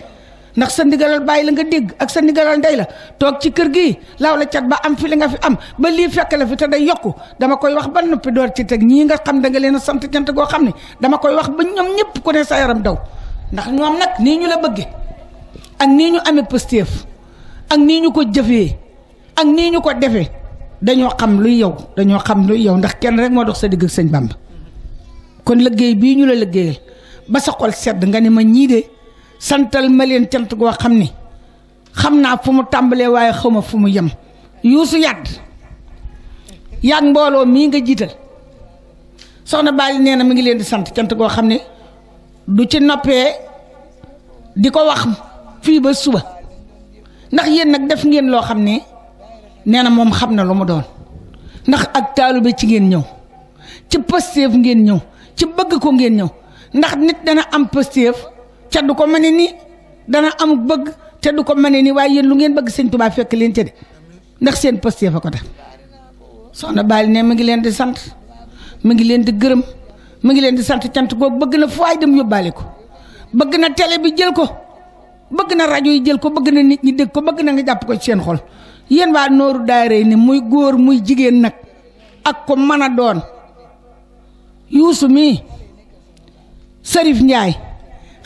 ndax sa ndigalal bàyyi la nga dégg ak sa ndigalal day la toog ci kër gi law la cat ba am fi li nga fi am ba lii fekk la fi te day yokku dama koy wax ba noppi door ci teg ñii nga xam da leen a sant cant goo xam ne dama koy wax ba ñoom ñëpp ku ne sa yaram daw ndax ñoom nag nii ñu la bëgge ak nii ñu amee pëstéef ak nii ñu ko jëfee ak nii ñu ko defee dañoo xam luy yow dañoo xam luy yow ndax kenn rek moo dox sa digg ak sëñ kon liggéey bii ñu la liggéeyal ba sa xol sedd nga ne ma ñii de santal ma leen cant goo xam ni xam naa fu mu tàmbalee waaye xaw ma fu mu yem yuusu yàdd yàgg mbooloo mii nga jiital soxna Bally nee na mi ngi leen di sant cant goo xam ne du ci noppee di ko wax fii ba suba ndax yéen nag def ngeen loo xam ni nee na moom xam na lu mu doon ndax ak taalibe ci ngeen ñëw ci Pastef ngeen ñëw ci bëgg ko ngeen ñëw ndax nit dana am Pastef ca du ko mane nii dana am bëgg te du ko mane nii waaye yéen lu ngeen bëgg sëñ Tuubaa fekk leen ca de ndax seen Pastef a ko def soxna Baali ne mu ngi leen di sant mu ngi leen di gërëm mu ngi leen di sant cant googu bëgg na fu ay dem yóbbaale ko bëgg na tele bi jël ko bëgg na rajo yi jël ko bëgg na nit ñi dégg ko bëgg na nga jàpp ko ci seen xol yéen waa nooru daayira ni muy góor muy jigéen nag ak ko mën a doon yuusu mii sërif njaay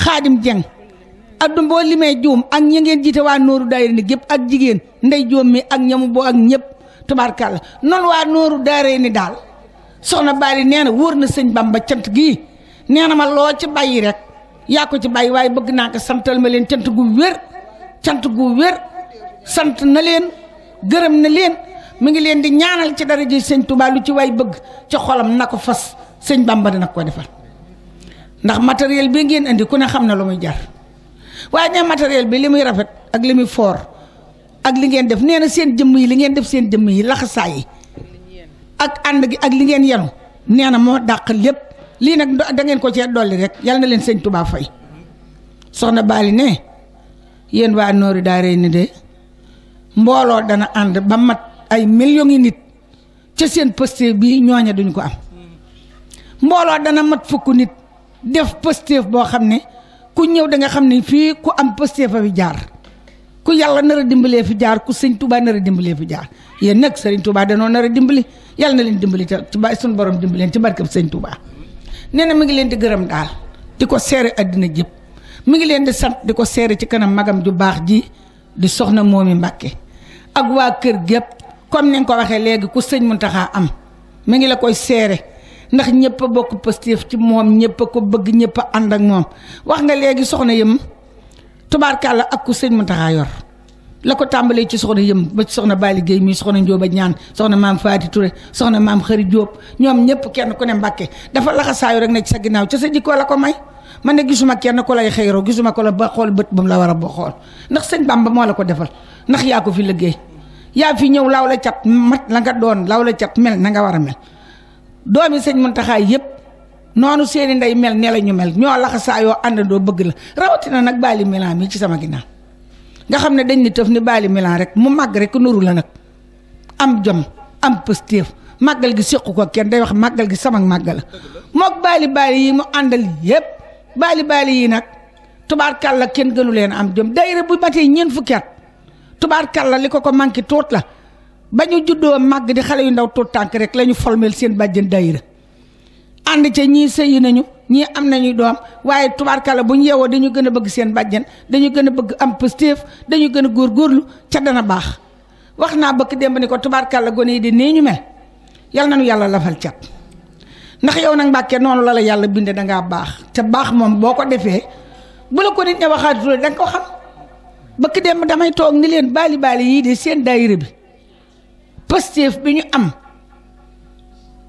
xaadim jeng addu boo limee juum ak ñi ngeen jiite waa nooru daayira ni gépp ak jigéen ndey joom mi ak ñamu boo ak ñëpp tubaarkàlla noonu waa nooru daayira ni daal soxna Bali nee na wóor na sëñ Bamba cant gii nee na ma loo ci bàyyi rek yaa ko ci bàyyi waaye bëgg naa ko santal ma leen cant gu wér cant gu wér sant na leen gërëm na leen mu ngi leen di ñaanal ci dara ji sëñ lu ci waay bëgg ci xolam na ko fas sëñ Bamba dina ko defal ndax matériel bi ngeen indi ku ne xam na lu muy jar waaye nee matériel bi li muy rafet ak li muy foor ak li ngeen def nee na seen jëmm yi li ngeen def seen jëmm yi laxasaa yi ak ànd gi ak li ngeen yenu nee na moo dàq lépp lii nag da ko cee dolli rek yal na leen sëñ Touba fay soxna Bali ne yéen waa Noori daa rey ni de. mbooloo dana ànd ba mat ay millions nit ca seen pësteef bi ñooña duñ ko am mbooloo dana mat fukk nit def pësteef boo xam ne ku ñëw da nga xam ne fii ku am pësteef a fi jaar ku yàlla nara a dimbalee fi jaar ku sëñ Touba nar a dimbalee fi jaar yéen nag sëriñ Touba danoo nar a dimbali yàlla na leen dimbali te ci ba suñu borom dimbaleen ci barkab sëñ Touba nee na mi ngi leen di gërëm daal di ko seere àddina jëpp mu ngi leen di sant di ko seere ci kanam ju baax ji di soxna moomi Mbàkke ak waa kër gépp comme ni nga ko waxee léegi ku sëñ Muntaxa am mu ngi la koy seere ndax ñëpp a bokk positif ci moom ñëpp a ko bëgg ñëpp a ànd ak moom wax nga léegi soxna yëm tubaarkàlla ak ku sëñ Muntaxa yor la ko tàmbalee ci soxna yëm ba ci soxna Bali Guèye mii soxna Njóoba Ñaan soxna maam Faati ture soxna maam Xëri Jóob ñoom ñëpp kenn ku ne Mbàkke dafa laxasaayu rek ne ci sa ginnaaw ca sa jikkoo la ko may man ne gisuma kenn ko lay xëyroo gisuma ko la ba xool bët ba mu la war a ba xool ndax sëñ Bamba moo la ko defal ndax yaa ko fi liggéey yaa fi ñëw laaw la cat mat la nga doon laaw la cat mel na nga war a mel doomi sëñ Muntaxa yëpp noonu seeni ndey mel ne la ñu mel ñoo laxasaayoo àndandoo bëgg la rawatina nag baali milan mi ci sama ginnaaw nga xam ne dañ ni tëf ni baali milan rek mu màgg rek nuru la nag am jom am pëstéef màggal gi séqu ko kenn day wax màggal gi sama màggal la mook baali yi mu àndal yëpp baali baali yii nag tubaarkàlla kenn gënu leen am jëm dayre bu matee ñeent fukki at tubaarkàlla li ko ko manqué tuut la ba ñu juddoo màgg di xale yu ndaw tuut tànk rek la ñu formel seen bàjjen dayre ànd ca ñii sëyi nañu ñii am nañuy doom waaye tubaarkàlla bu ñu yeewoo dañu gën a bëgg seen bàjjen dañu gën a bëgg am pëstéef dañu gën a góorgóorlu ca dana baax wax naa bëgg démb ni ko tubaarkàlla gone yi di nii ñu mel yal na yàlla lafal cat ndax yow nag mbàkke noonu lala yàlla binde dangaa ngaa baax te baax moom boo ko defee bu la ko nit ña waxaatuloo da ko xam bëkk dem damay toog ni leen baali baali yii de seen daayira bi Pastef bi ñu am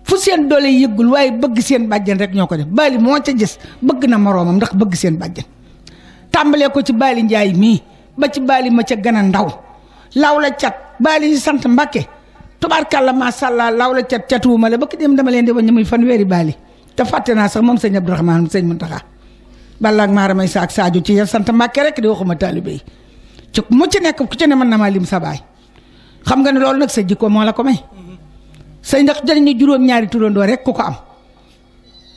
fu seen doole yëggul waaye bëgg seen bàjjen rek ñoo ko def baali moo ca jes bëgg na moroomam ndax bëgg seen bàjjen tàmbalee ko ci baali njaay mii ba ci baali ma ca gën a ndaw law la cat baali yi sant mbàkke tubaarkàlla macha allah law la cat catu wu ma la ba ki dem dama leen di wàññi muy fanweeri baali te fàtte naa sax moom sëñ Abdourahmane sëñ Mountakha Balla ak Maramay Sa ak Sadio ci yar sant Mbàkke rekk di waxuma taalibe yi ci mu ci nekk ku ci ne mën na lim sa baay xam nga ne loolu nag sa jikko moo la ko may. sëñ ndax danañu juróom-ñaari turandoo rek ku ko am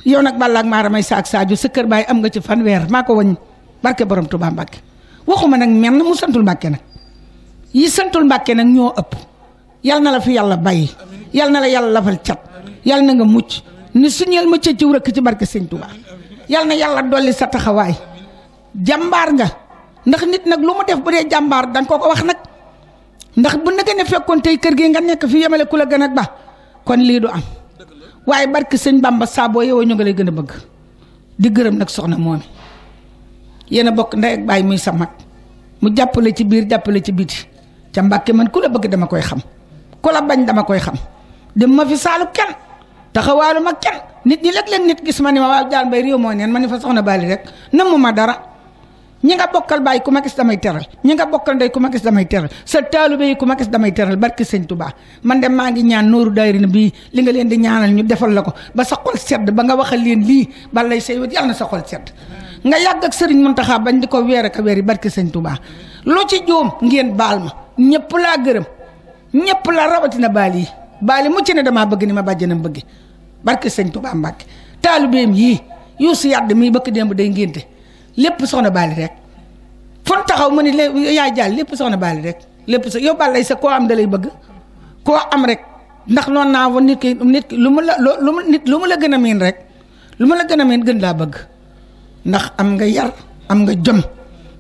yow nag Balla ak Maramay Sa ak Sadio sa kër baay am nga ci fanweer maa ko wàññi barke borom Touba Mbàkke waxuma nag menn mu santul Mbàkke nag yi santul Mbàkke ñoo ëpp. yal na la fi yàlla bàyyi yal na la yàlla lafal cat yal na nga mucc ni suñel ma cëcciw rëkk ci barke sëñ Tuubaa yal na yàlla dolli sa taxawaay jàmbaar nga ndax nit nag lu mu def bu dee jàmbaar danga ko ko wax nag ndax bu naka ne fekkoon tey kër gi nga nekk fi yemale ku la gën a ba kon lii du am waaye barke sëñ Bamba saaboo yow ñu ngi lay gën a bëgg di gërëm nag soxna moom yéen a bokk ndey ak baay muy sa mag mu jàppale ci biir jàppale ci biti ca Mbàkke man ku la bëgg dama koy xam ku la bañ dama koy xam dem ma fi saalu kenn taxawaalu ma kenn nit ñi léeg-léeg nit gis ma ni ma waaw jaan bay réew moo neen ma ni fa soxna Bally rek namu ma dara ñi nga bokkal bàyyi ku ma gis damay teral ñi nga bokkal ndey ku ma gis damay teral sa taalube yi ku ma gis damay teral barki sëñ Tuubaa man de maa ngi ñaan nooru dayrina bii li nga leen di ñaanal ñu defal la ko ba sa xol sedd ba nga waxal leen lii balay say wet yàlla na sa xol sedd nga yàgg ak sëriñ Muntaxa bañ di ko weer ak a weer yi barki sëñ Tuubaa lu ci joom ngeen baal ma ñëpp laa gërëm ñëpp la rawatina baal yi baal yi mucc ne damaa bëgg ni ma bàjjanam bëgg barke sëñ Tuubaa Mbàkke taalibeem yii yuusu yàdd mii bëkk démb day ngénte lépp soxna baali rek fon taxaw mu ni yaay jàll lépp soxna baali rek lépp sa yow lay sa koo am da bëgg koo am rek ndax noonu naa woon nit ki nit lu mu la lu mu nit lu mu la gën a miin rek lu mu la gën a miin gën laa bëgg ndax am nga yar am nga jom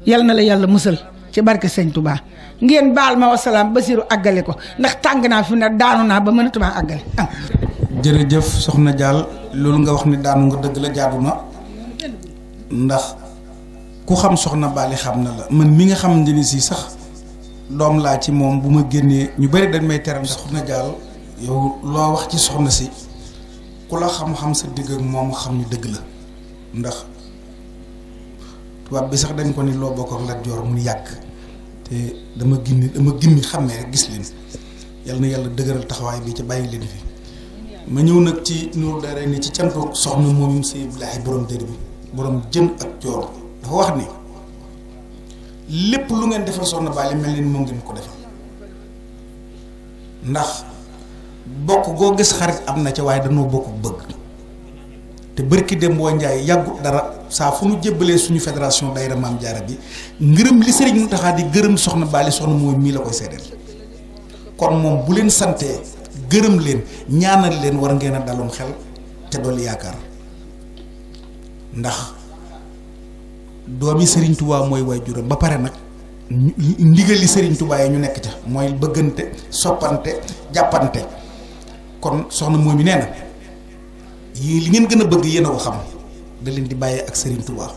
yal na la yàlla musal ci barki sëñ Tuubaa ngeen baal ma wasalaam Basiru àggale ko ndax tàng naa fi mu ne daanu naa ba mënatuma àggale ah. jërëjëf soxna Diall loolu nga ni daanu nga dëgg la jaadu na ndax ku xam soxna Baali xam na man mi nga xam ne si sax doom laa ci moom bu ma génnee ñu bari dañ may teram soxna Diall yow loo wax ci soxna si ku la xam-xam sa xam ni dëgg la ndax tubaab bi sax dañ ko ni loo bokk ak Lat Joor te dama gindi dama gindi xàmmee rek gis leen yal na yàlla dëgëral taxawaay bi ci bàyyi leen fi ma ñëw nag ci Nourou Darayni ci cantu soxna moom si Ibrahima borom dër bi borom jën ak joor dafa wax ni lépp lu ngeen defal soxna Bally mel ni moo ngeen ko defal ndax bokk goo gis xarit am na ca waaye danoo bokk bëgg te bërki dem boo njaay yàggut dara saa fu nu jébbalee suñu fédération daayira Maam Jaara bi ngërëm li sëriñ Mountakha di gërëm soxna Bali soxna mooy mii la koy seddal kon moom bu leen santee gërëm leen ñaanal leen war ngeen a daloon xel te dool yaakaar ndax doomi sëriñ Tuubaa mooy waay juróom ba pare nag ndigali sëriñ Tuubaa yi ñu nekk ca mooy bëggante soppante jàppante kon soxna mooy mi nee na yi li ngeen gën a bëgg yéen a ko xam da leen di bàyyee ak Serigne Touba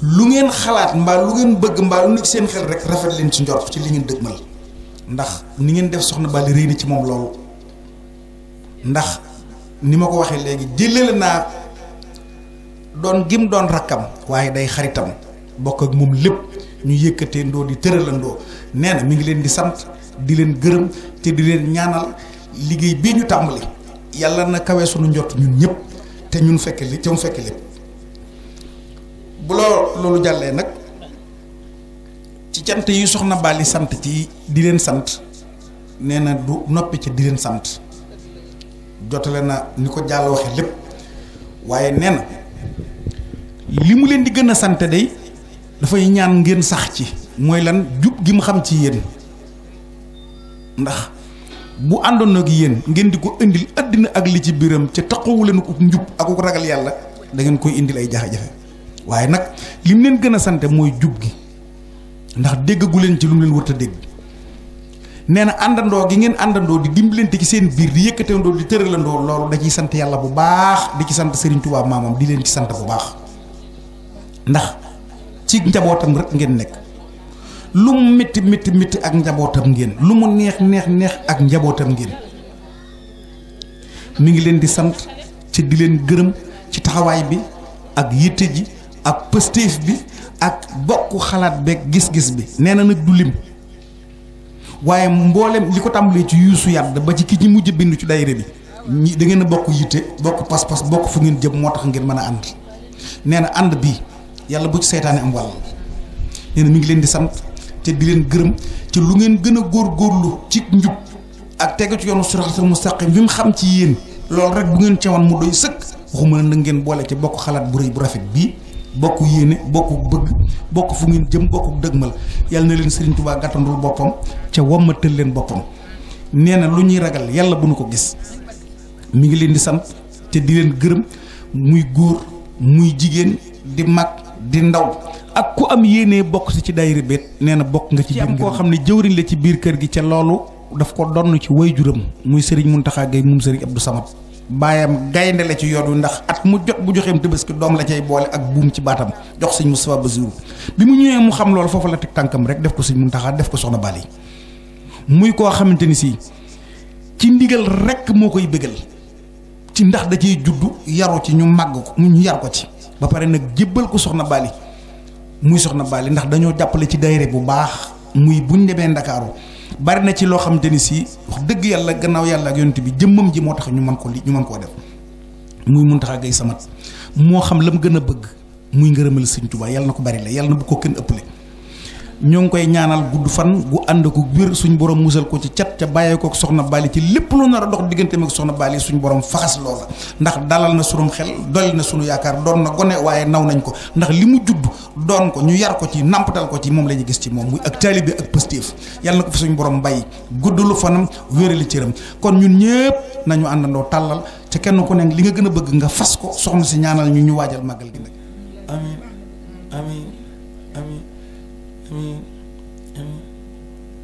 lu ngeen xalaat mbaa lu ngeen bëgg mbaa lu nekk seen xel rek rafet leen ci njort ci li ngeen dëgmal ndax ni ngeen def soxna Bally réy ci moom loolu ndax ni ma ko waxee léegi jëlale naa doon gim doon rakkam waaye day xaritam bokk ak moom lépp ñu yëkkatee ndoo di tëralandoo nee na mi ngi leen di sant di leen gërëm te di leen ñaanal liggéey bii ñu tàmbali. yàlla na kawe sunu njot ñun ñëpp te ñun fekk li te mu fekk lépp bu loo loolu jàllee nag ci jant yi soxna Bali sant ci di leen sant nee na du noppi ci di leen sant jotale na ni ko jàll waxe lépp waaye nee na li mu leen di gën a sant day dafay ñaan ngeen sax ci mooy lan jub gi mu xam ci yéen ndax bu àndoon ak yéen ngeen di ko indil àddina ak li ci biram ca taxawu leen ko njub ak ko ragal yàlla da koy indil ay jafe-jafe waaye nag li mu leen gën a sante mooy jub gi ndax déggagu leen ci lu mu leen wërta dégg nee na àndandoo gi ngeen àndandoo di dimbalante ci seen biir di yëkkatandoo di tëralandoo loolu da ciy sant yàlla bu baax di ci sant Serigne Touba maamam di leen ci sant bu baax ndax ci njabootam rek ngeen nekk. lu mu métti métti métti ak njabootam ngeen lu mu neex neex neex ak njabootam ngeen mu ngi leen di sant ci di leen gërëm ci taxawaay bi ak yitte ji ak pëstéef bi ak bokk xalaat beeg gis-gis bi nee na nag du lim waaye mboolem li ko tàmbalee ci yuusu yàdd ba ci ki ci mujj bindu ci daayira bi ñi da bokk yitte bokk pas-pas bokk fu ngeen jëm moo tax ngeen mën a ànd nee na ànd bi yàlla bu ci seytaane am wàll nee na ngi leen di sant te di leen gërëm ci lu ngeen gën a góorgóorlu ci njub ak tegu ci yoonu siraatal mustaqim bi mu xam ci yéen loolu rek bu ngeen ci wan mu doy sëkk waxuma na ngeen boole ci bokk xalaat bu rëy bu rafet bii bokk yéene bokk bëgg bokk fu ngeen jëm bokk dëgmal yàlla na leen Serigne Touba gàttandul boppam ca wammatal leen boppam nee na lu ñuy ragal yàlla bu nu ko gis mi ngi leen di sant te di leen gërëm muy góor muy jigéen di mag di ndaw ak ku am yéenee bokk si ci daayira bi nee na bokk nga ci biir am koo xam ne jëwriñ la ci biir kër gi ca loolu daf ko donn ci way waajuram muy sëriñ Muntaxa Gay moom sëriñ Abdou Samad baayam gaynde la ci yoon wi ndax at mu jot bu joxeem tabaski doom la cay boole ak buum ci baatam jox sëñ Moustapha Bassirou bi mu ñëwee mu xam loolu foofu la teg tànkam rek def ko sëñ Muntaxa def ko soxna Bali muy koo xamante ni si ci ndigal rekk moo koy bëggal ci ndax da ciy juddu yaru ci ñu màgg ko ñu yar ko ci ba pare nag jébbal ko soxna Bali muy soxna Bali ndax dañoo jàppale ci dayre bu baax muy buñ demee Ndakaaru bari na ci loo xamante ni si wax dëgg yàlla gannaaw yàlla ak yont bi jëmmam ji moo tax ñu mën ko lii ñu mën koo def muy mun tax a gay samat moo xam la mu gën a bëgg muy ngërëmal sëñ Tuubaa yàlla na ko bari la yàlla na bu ko kenn ëppale ñoo ngi koy ñaanal gudd fan gu ànd ko wér suñ borom musal ko ci cat ca bàyyee ko soxna Bali ci lépp lu nar a dox digganteem ak soxna Bali suñ borom faxas ndax dalal na sunum xel dolli na suñu yaakaar doon na gone waaye naw nañ ko ndax li mu judd doon ko ñu yar ko ci nampatal ko ci moom la gis ci moom muy ak taalibe ak pëstéef yàlla na ko fi suñ borom bàyyi guddalu fanam wérali cëram kon ñun ñëpp nañu àndandoo tàllal ca kenn ku nekk li nga gën a bëgg nga fas ko soxna si ñaanal ñu ñu waajal màggal gi nag. amiin amiin amiin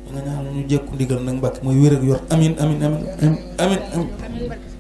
da nga ñaanal ñu jékku ndigal nag Mbàkke mooy wér ak yor amiin amiin amiin amiin amiin